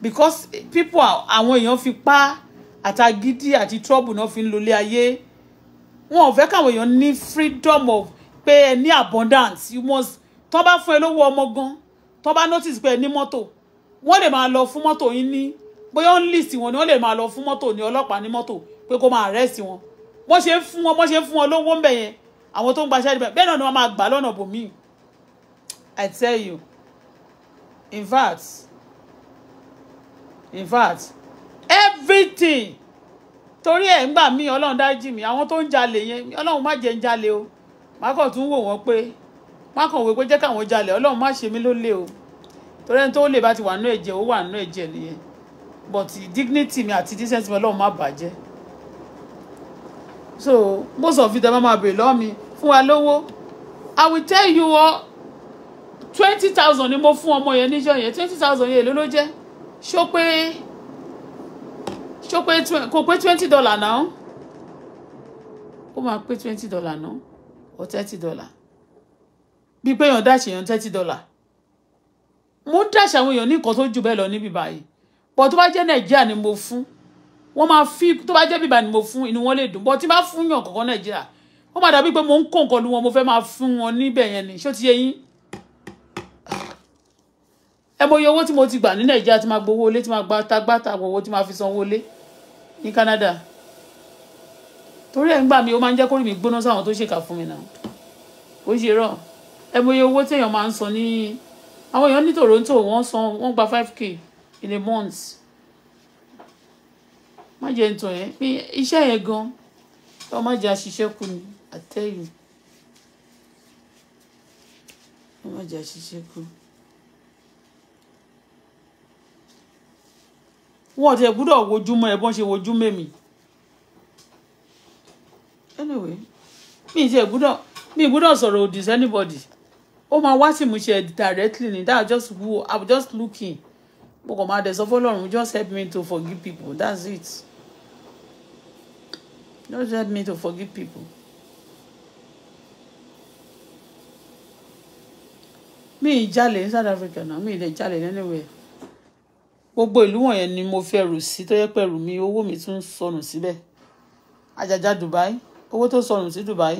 because people àwọn èèyàn fi pa àtàgídí àti trouble náà fi ń lólé ayé wọn ò fẹ́ káwọn èèyàn ní freedom of pé ẹ ní abundance you must tó bá fún ẹ lówó ọmọ gan tó bá notice pé ẹ ní mọ́tò wọ́n lè máa lọ fún mọ́tò yín ní bóyá on list wọn ni wọ́n lè máa lọ fún mọ́tò ní ọlọ́pàá ní mọ́tò pé kó máa arrest wọn wọ́n ṣe ń fún wọn wọ́n ṣe ń fún wọn lówó ń bẹ̀ yẹn àwọn tó ń gbaṣẹ́ níbẹ̀ bẹ́ẹ̀ náà ni wọ́n máa gbà lọ́nà bòmí i tell you in fact in fact everything torí ẹ̀ ń gbà mí ọlọ́run dájú mi àwọn tó ń jalè yẹn ọlọ́run má jẹ́ ń jalè o má kàn tún wò wọ́n pé má kàn wò pé jẹ́ káwọn jalè ọlọ́run má ṣe mí ló lé o torí ẹni tó lè bá ti wà nínú ẹ̀jẹ̀ ó wà nínú ẹ̀jẹ̀ nìyẹn but dignity mi àti decency mi ọlọ́run má bàjẹ́ so most of you tẹ́ bá máa bèrè lọ́wọ́ mi fún wa lówó i will tell you all twenty thousand ni mo fún ọmọ yẹn níjọ́ yẹn twenty thousand yẹn èló ló jẹ́ ṣó pé ṣó pé kò pé twenty dollar náà ó máa pé twenty dollar náà or thirty dollar bíi pé èèyàn dáṣe èèyàn thirty dollar mo ń dáṣe àwọn èèyàn ní nǹkan tó jù bẹ́ẹ̀ lọ níbi báyìí pọ̀ tó bá jẹ́ nàìjíríà ni mo fún wọ́n máa fi tó bá jẹ́ bíbá ni mo fún inú wọn lè dùn bọ́ tí bá fún yàn kankan nàìjíríà wọ́n máa dàbí pé mo ń kó nǹkan lu wọn mo fẹ́ máa fún wọn níbẹ̀ yẹn ni ṣó ti yẹ yín ẹ mọ iye owó tí mo ti gbà ní nàìjíríà tí máa gbowó lé tí máa gba owó tí máa fi sanwó lé ní Canada torí ẹ̀ ń gbà mí ó máa ń jẹ́ kórìí mi gbóná sáwọn tó ṣèkà fún mi náà ó ṣe rọ ẹ mọ iye owó téèyàn máa ń san ní àwọn èèyàn ní Toronto wọ́n san wọ́n gba five k in a month má jẹ́ ntọ́ yẹn pé iṣẹ́ yẹn gan ọ má jẹ́ àṣìṣe kù ni I tell you ọ má jẹ́ àṣìṣe kù. wọn ti gbúdọ̀ wojúmọ́ ẹ bọ́n ṣe wojúmọ́ mi anyway mi ti gbúdọ̀ mi gbúdọ̀ sọ̀rọ̀ òdì sí anybody ó máa wá sí ìmúṣẹ directly ni that just who i'm just looking mo kàn máa dẹ̀ sọ fọlọ́run just help me to forgive people that's it. Just help me to forgive people. mi ì jalè ní South Africa náà mi ì lè jalè anywhere gbogbo ìlú wọ̀nyẹn ni mo fẹ́ rù sí tó yẹ pẹ̀lú mi owó mi tún sọnù síbẹ̀ àjàjà Dubai Oh, what a son sí Dubai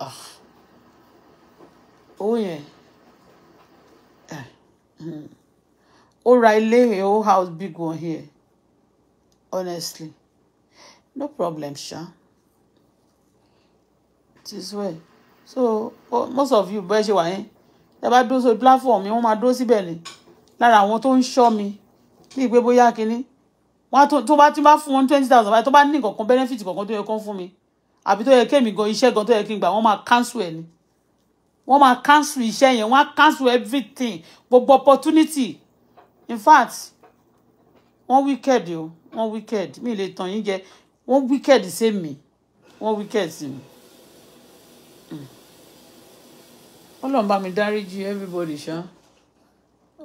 Ah. Oh yeah. Oh, ilé a whole house big one here honestly no problem ṣá. This way, so oh, most of you bẹ́ẹ̀ ṣe wà yẹn ẹ bá dúró sórí platform mi wọ́n máa dúró síbẹ̀ ni lára àwọn tó ń ṣọ́ mi bíi pé bóyá kínní wọ́n tó bá ti bá fún wọn twenty thousand báyìí tó bá ní nǹkan benefit kankan tó yẹ kán fún mi àbí tó yẹ kémi gan iṣẹ́ gan tó yẹ kí n gbà wọ́n máa cancel ẹ̀ ni wọ́n máa cancel iṣẹ́ yẹn wọ́n á cancel everything gbogbo opportunity in fact wọ́n wicked o wọ́n wicked mi lè tàn yín jẹ wọ́n wicked sí mi wọ́n wicked sí mi. Ọlọ́run bá mi dáríjì everybody ṣá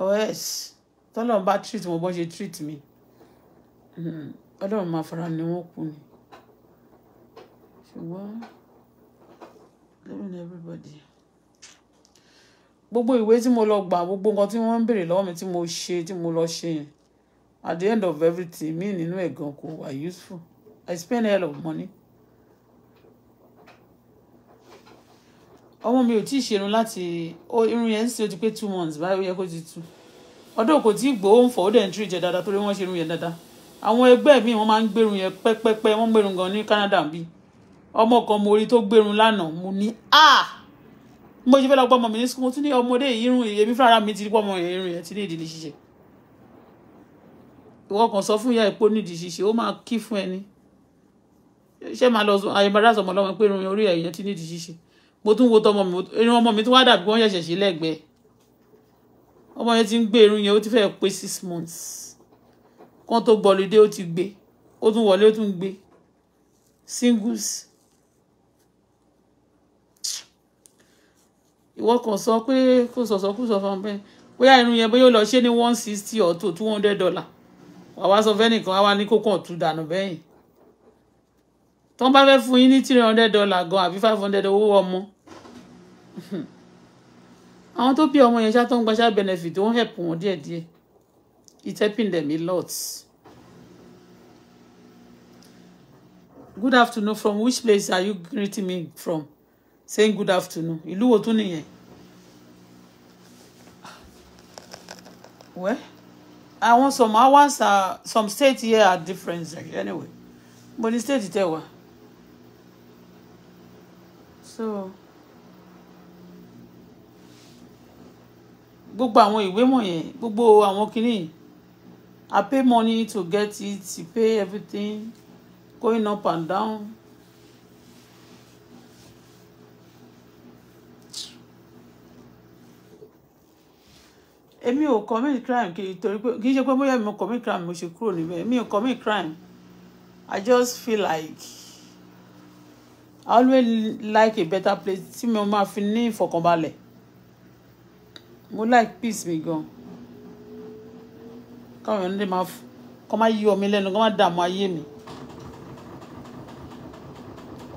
or else tọ́lọ́run bá treat wọn bọ́n ṣe treat mi hmm, Ọlọ́run máa fara ni wọ́n kú ni ṣùgbọ́n lórí everybody gbogbo ìwé tí mo lọ gbà gbogbo nǹkan tí wọ́n ń béèrè lọ́wọ́ mi tí mo ṣe tí mo lọ ṣe yẹn at the end of everything mi nínú ẹ̀ gan kò wà useful I spend a lot of money ọmọ mi ò tí ì ṣerun láti irun yẹn sì ó ti pé two months báyìí ó yẹ kó ti tú ọdún kò tí ì gbòó ń fọ ó dẹ̀ ń tú ìjẹ dáadáa torí wọ́n ṣerun yẹn dáadáa àwọn ẹgbẹ́ mi wọ́n máa ń gbérun yẹn pẹ́pẹ́pẹ́ wọ́n gbérun gan ní Canada bí ọmọ kan mo rí tó gbérun lánàá mo ní a ah! mo ṣe fẹ́ lọ gbọ́mọ mi ní sukùn mo tún ní ọmọdé irun èmi fúnra mi ti gbọ́mọ irun yẹn ti ní ìdílé ṣíṣe ìwọ kan sọ fún ìyá mo tún wo tọmọ mi irun ọmọ mi tó wá dàbí wọ́n ṣẹ̀ṣẹ̀ ṣe lẹ́gbẹ̀ẹ́ ọmọ yẹn ti ń gbé irun yẹn ó ti fẹ́ pé six months kán tó gbọ́lódé ó ti gbé ó tún wọlé ó tún gbé singles ìwọ kan sọ pé kò sọ̀sọ̀ kù sọ fún bẹ́ẹ̀ bóyá irun yẹn bóyá ó lọ ṣe ní one sixty or two hundred dollar wàá wá sọ fẹ́ nìkan wá ní kó kàn dànù bẹ́yìn tó bá fẹ́ fún yín ní three hundred dollar gan àbí five hundred owó ọmọ àwọn tó bí ọmọ yẹn ṣá tó ń gbaṣá benefit ó help wọn díẹ̀díẹ̀ it helping them a lot. good afternoon from which place are you greeting me from saying good afternoon ìlú wo tún nìyẹn well àwọn some hours are some states here are different anyway but the state tẹ wá so gbogbo àwọn ìwé wọ̀nyẹn gbogbo àwọn kìíní I pay money to get it you pay everything going up and down. èmi ò commit crime kì í torí pé kì í ṣe pé bóyá mi ò commit crime mo ṣe kúrò níbẹ̀ èmi ò commit crime I just feel like I always like a better place tí mo máa fi ní ìfọ̀kànbalẹ̀ mo like peace mi gan káwọn èèyàn lè máa kọ́ máa yí ọmi lẹ́nu kọ́ máa dààmú ayé mi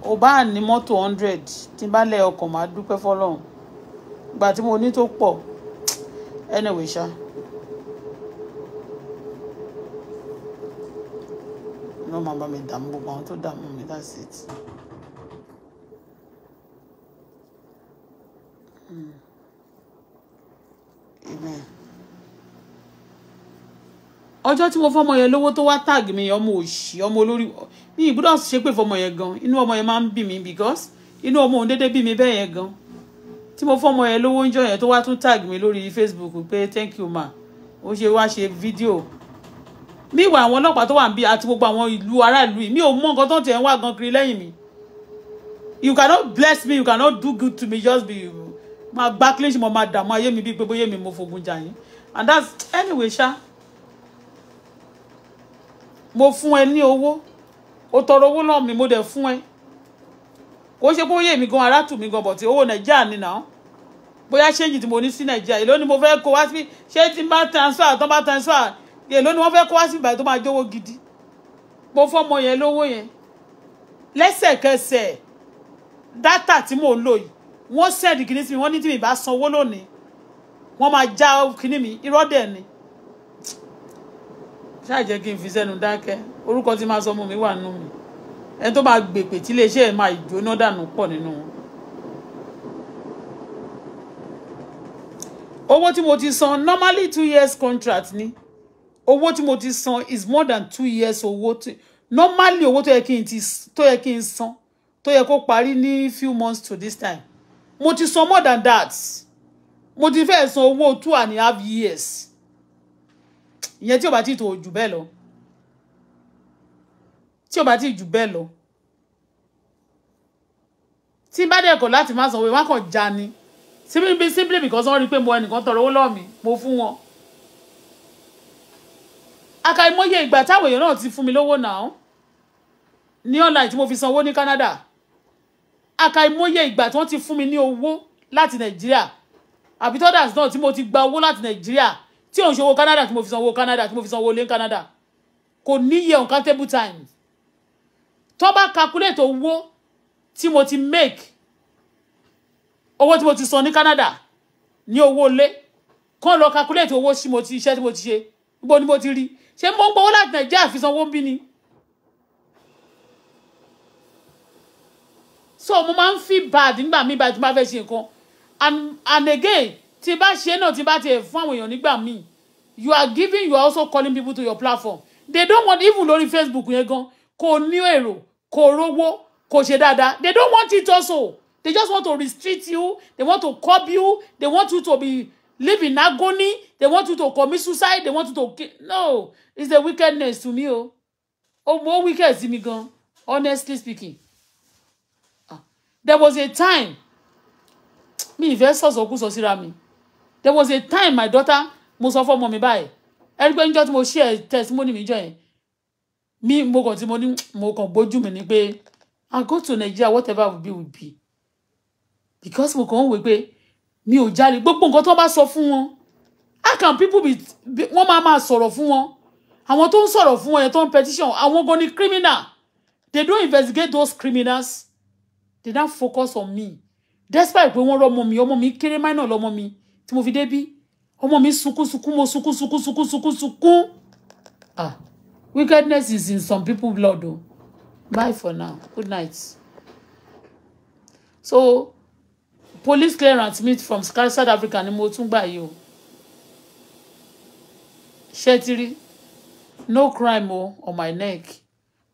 ò bá ní mọ́tò hundred tí n bá lẹ̀ ọkàn máa dúpẹ́ fọlọ́run ìgbà tí mo ní tó pọ̀ anyway ṣá. ló máa bá mi dààmú gbogbo àwọn tó dààmú mi that's it. Amen. ọjọ́ tí mo fọmọ yẹn lówó tó wá tag mi ọmọ òṣì ọmọ olórí mi ìgbọ́dọ̀ ṣépè fọmọ yẹn gan inú ọmọ yẹn máa ń bì mí because inú ọmọ òun déédéé bì mí bẹ́ẹ̀ yẹn gan tí mo fọmọ yẹn lówó ń yẹn tó wá tún tag mi lórí Facebook pé thank you ma ó ṣe wá ṣe fídíò mi ìwà àwọn ọlọ́pàá tó wà níbí àti gbogbo àwọn ìlú aráàlú yìí mi ò mọ nǹkan tó ń tẹ̀ wá gan kiri lẹ́yìn mi you cannot bless me you cannot do good to me just be you máa gbá clinch mo máa dààmú ayé mi bíi pé bóyá mi mo fogun jà yín and that's anyway ṣá mo fún ẹ ní owó o tọrọ owó lọ́ọ̀ mi mo dẹ̀ fún ẹ kò ṣe bóyá èmi gan ara tù mí gan bọ̀tì owó nàìjíríà ni nà án bóyá ṣéǹjì tí mo ní sí nàìjíríà èló ni mo fẹ́ kó wá sí ṣé tí n bá transfer tán bá transfer èló ni wọ́n fẹ́ kó wá sí ìbàdàn tó máa jówó gidi mo fọ́mọ yẹn lówó yẹn lẹ́sẹ̀kẹsẹ̀ dátà tí mò ń lò yìí wọ́n sẹ́ẹ̀dì kìíní sí mi wọ́n ní tí mi bá sanwó lónìí wọ́n máa já kìíní mi irọ́ dẹ̀ ni ṣáà jẹ́ kí n fi sẹ́nu dákẹ́ orúkọ tí máa sọ ọmọ mi wà nínú mi ẹni tó máa gbèpè tí iléeṣẹ́ ẹ̀ máa jóná dànù pọ̀ nínú wọn. owó tí mo ti san normally two years contract ni owó tí mo ti san is more than two years owó tí normally owó tó yẹ kí n ti tó yẹ kí n san tó yẹ kó parí ní few months to this time mo ti san more than that mo ti fẹ́ san owó two and a half years ìyẹn tí o bá ti tó jù bẹ́ẹ̀ lọ tí o bá ti jù bẹ́ẹ̀ lọ tí n bá dẹ̀ kọ̀ láti má sanwó wọn kàn já ni simply simply because wọ́n rí i pé mo ẹnìkan tọrọ owó lọ́ọ̀ mi mo fún wọn àkàìmọye ìgbà táwọn èèyàn náà ti fún mi lówó náà ní online tí mo fi sanwó ní Canada àkàìmọye ìgbà tí wọ́n ti fún mi ní owó láti nàìjíríà àbí tọ́dàs náà tí mo ti gba owó láti nàìjíríà tí òun ṣe owó canada tí mo fi san owó canada tí mo fi san owó lé canada kò níye uncountable times tó bá calculate owó tí mo ti make owó tí mo ti san ní canada ní owó lé kán lọ calculate owó tí mo ti iṣẹ́ tí mo ti ṣe gbogbo ni mo ti rí ṣé mo ń gbowó láti nàìjíríà fi san owó bí ni so mo máa ń feel bad nígbà míì bá ti bá fẹ́ ṣe nǹkan and and again tí bá ṣe náà tí bá tiẹ̀ fún àwọn èèyàn nígbà míì you are giving you are also calling people to your platform they don't want even lórí Facebook yẹn gan kò ní èrò kò rówó kò ṣe dáadáa they don't want it also they just want to restrict you they want to curb you they want you to be live in agony they want you to commit suicide they want you to kill no it's a wickedness to me o oh. o oh, mo wicked sí mi gan honestly speaking there was a time mi ìfẹ́ sọ̀sọ̀kúsọ síra mi there was a time my daughter mo sọ fọ́mọ mi báyìí ẹni pé níjọ́ tí mo share testimony mi jọ yẹn mi mo kàn tí mo ní mo kàn gbójú mi ni pé I go to Nigeria whatever will be will be because mo kàn ń wò pé mi ò jáde gbogbo nǹkan tó bá sọ fún wọn how can people be wọ́n máa máa sọ̀rọ̀ fún wọn àwọn tó ń sọ̀rọ̀ fún wọn yẹn tó ń petition àwọn gan ni criminal they don't investigate those criminals they now focus on me despite pé wọ́n rọ́mọ mi ọmọ mi kéré minor lọ́mọ mi tí mo fi débí ọmọ mi sunkún sunkún mo sunkún sunkún sunkún sunkún sunkún ah wickedness is in some people blood o bye for now good night so police clearance meet from South Africa ni mo tún gbà yìí o ṣẹ́tírí no crime o on my neck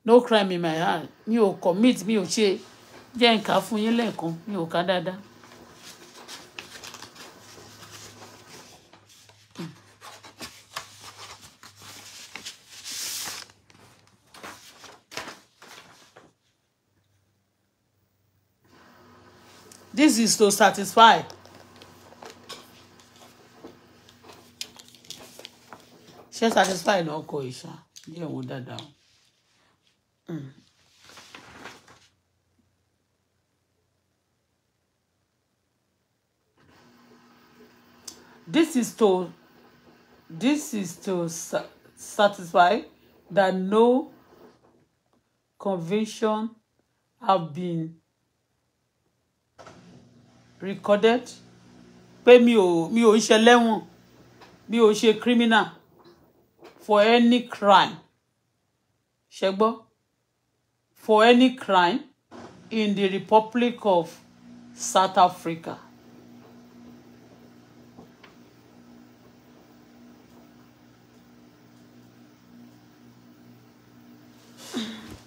no crime in my hand mi ò commit mi ò che jẹ́ n kà fún yín lẹ́ẹ̀kan mi ò kà dáadáa. This is to satisfy. ṣé satisfy lọ́kọ̀ ìṣá díẹ̀ wò dáadáa. Hmm. This is to this is to sa satisfy that no conviction have been recorded pé mi ò mi ò ṣe lẹ́wọ̀n mi ò ṣe criminal for any crime ṣe for any crime in the Republic of South Africa.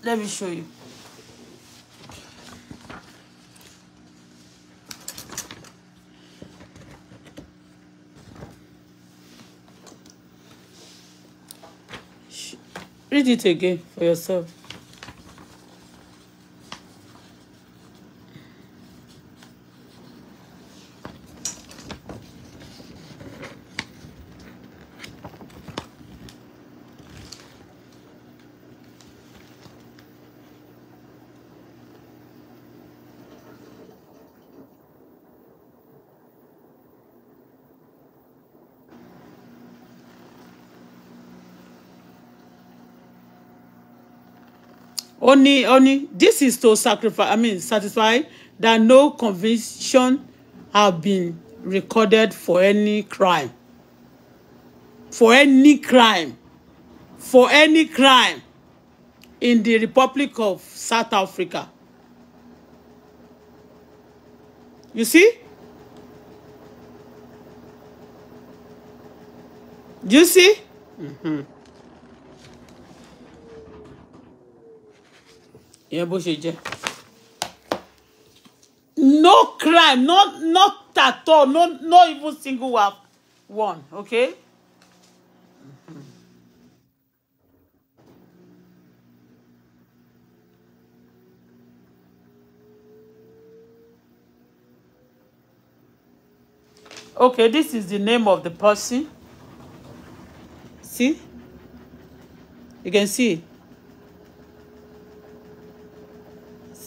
Let me show you. Read it again for yourself. ó ní ó ní this is to sacrifice i mean satisfy that no conviction have been recorded for any crime for any crime for any crime in the Republic of South Africa you see do you see. Mm-hmm. ìyẹn bó ṣe jẹ́ no crime not not at all no no even single one okay. Okay, this is the name of the person. See? You can see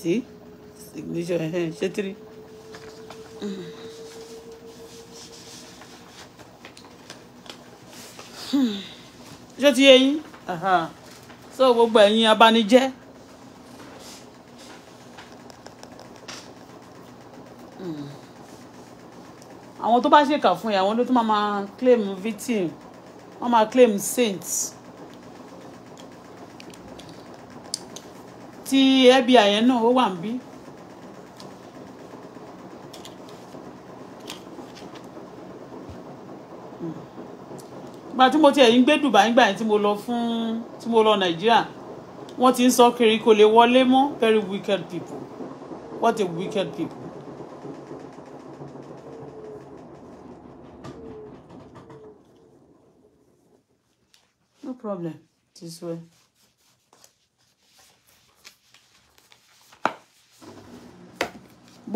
sí ignition ẹ̀hẹ́n eh, eh, mm. hmm. ṣé three. ṣé ti yé yín so gbogbo ẹ̀yin abanijẹ́. Hmm. àwọn tó bá ṣèkà fún yà àwọn ló tún máa claim victim wọ́n máa claim saint. ti FBI yẹn náà ó wà ń bí. gba tí mo tiẹ̀ ń gbé Dubai gbà yẹn tí mo lọ fún tí mo lọ Nàìjíríà wọ́n ti ń sọ kiri kò lè wọlé mọ́ very wicked people what a wicked people. no problem this way.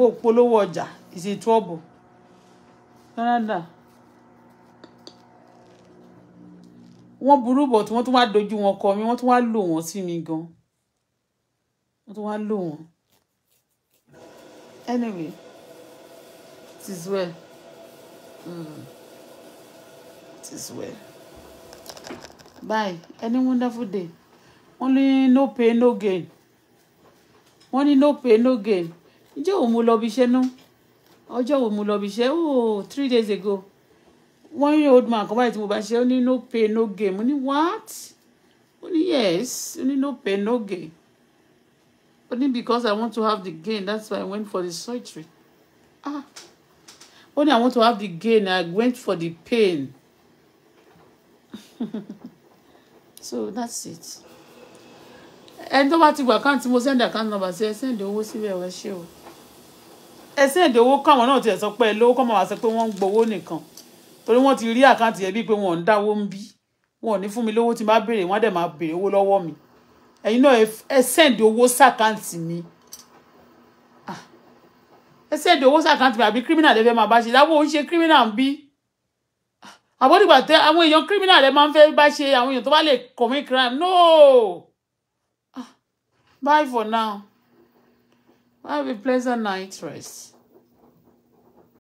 bó polówó ọjà is in trouble Canada wọ́n burú bọ̀ tí wọ́n tún wá dojú wọn kọ mi wọ́n tún wá lò wọ́n sí mi gan wọ́n tún wá lò wọ́n anyway it is well mm. it is well bye any wonderful day Only no pain no gain Only no pain no gain ìjọ wo mo lọ bí iṣẹ́ náà ọjọ́ wo mo lọ bí iṣẹ́ oh three days ago one year old man kan báyìí tí mo bá ṣe ó ní no pay no gain mo ní what ó ní yes ó ní no pay no gain ó ní because I want to have the gain that's why I went for the surgery ah ó ní I want to have the gain I went for the pain so that's it ẹni tó bá ti gba àkáǹtì mo send àkáǹtì nọ́mbà sí ẹ send owó síbẹ̀ wá ṣé o ẹ sẹ́ǹdì owó káwọn náà tiẹ̀ sọ pé ẹ lówó kọ́ máa wá sọ pé wọ́n ń gbowó nìkan torí wọ́n ti rí àkáǹtì ẹbí pé wọ́n ń dáwó ń bí wọ́n ò ní fún mi lówó tí n bá béèrè wọ́n á dẹ̀ máa béèrè owó lọ́wọ́ mi ẹ̀yin náà ẹ sẹ́ǹdì owó sàkáǹtì mi ah. ẹ sẹ́ǹdì owó sàkáǹtì mi àbí kírímìnà lè fẹ́ máa bá ṣe ìdáwó ò ń ṣe kírímìnà ń bí ah. àbọ̀dìgbà tẹ àwọn èèyàn kírímìnà lè máa ń fẹ́ bá ṣe àwọn èèyàn tó bá lè commit crime no ah. bye for now. Have a pleasant night's rest.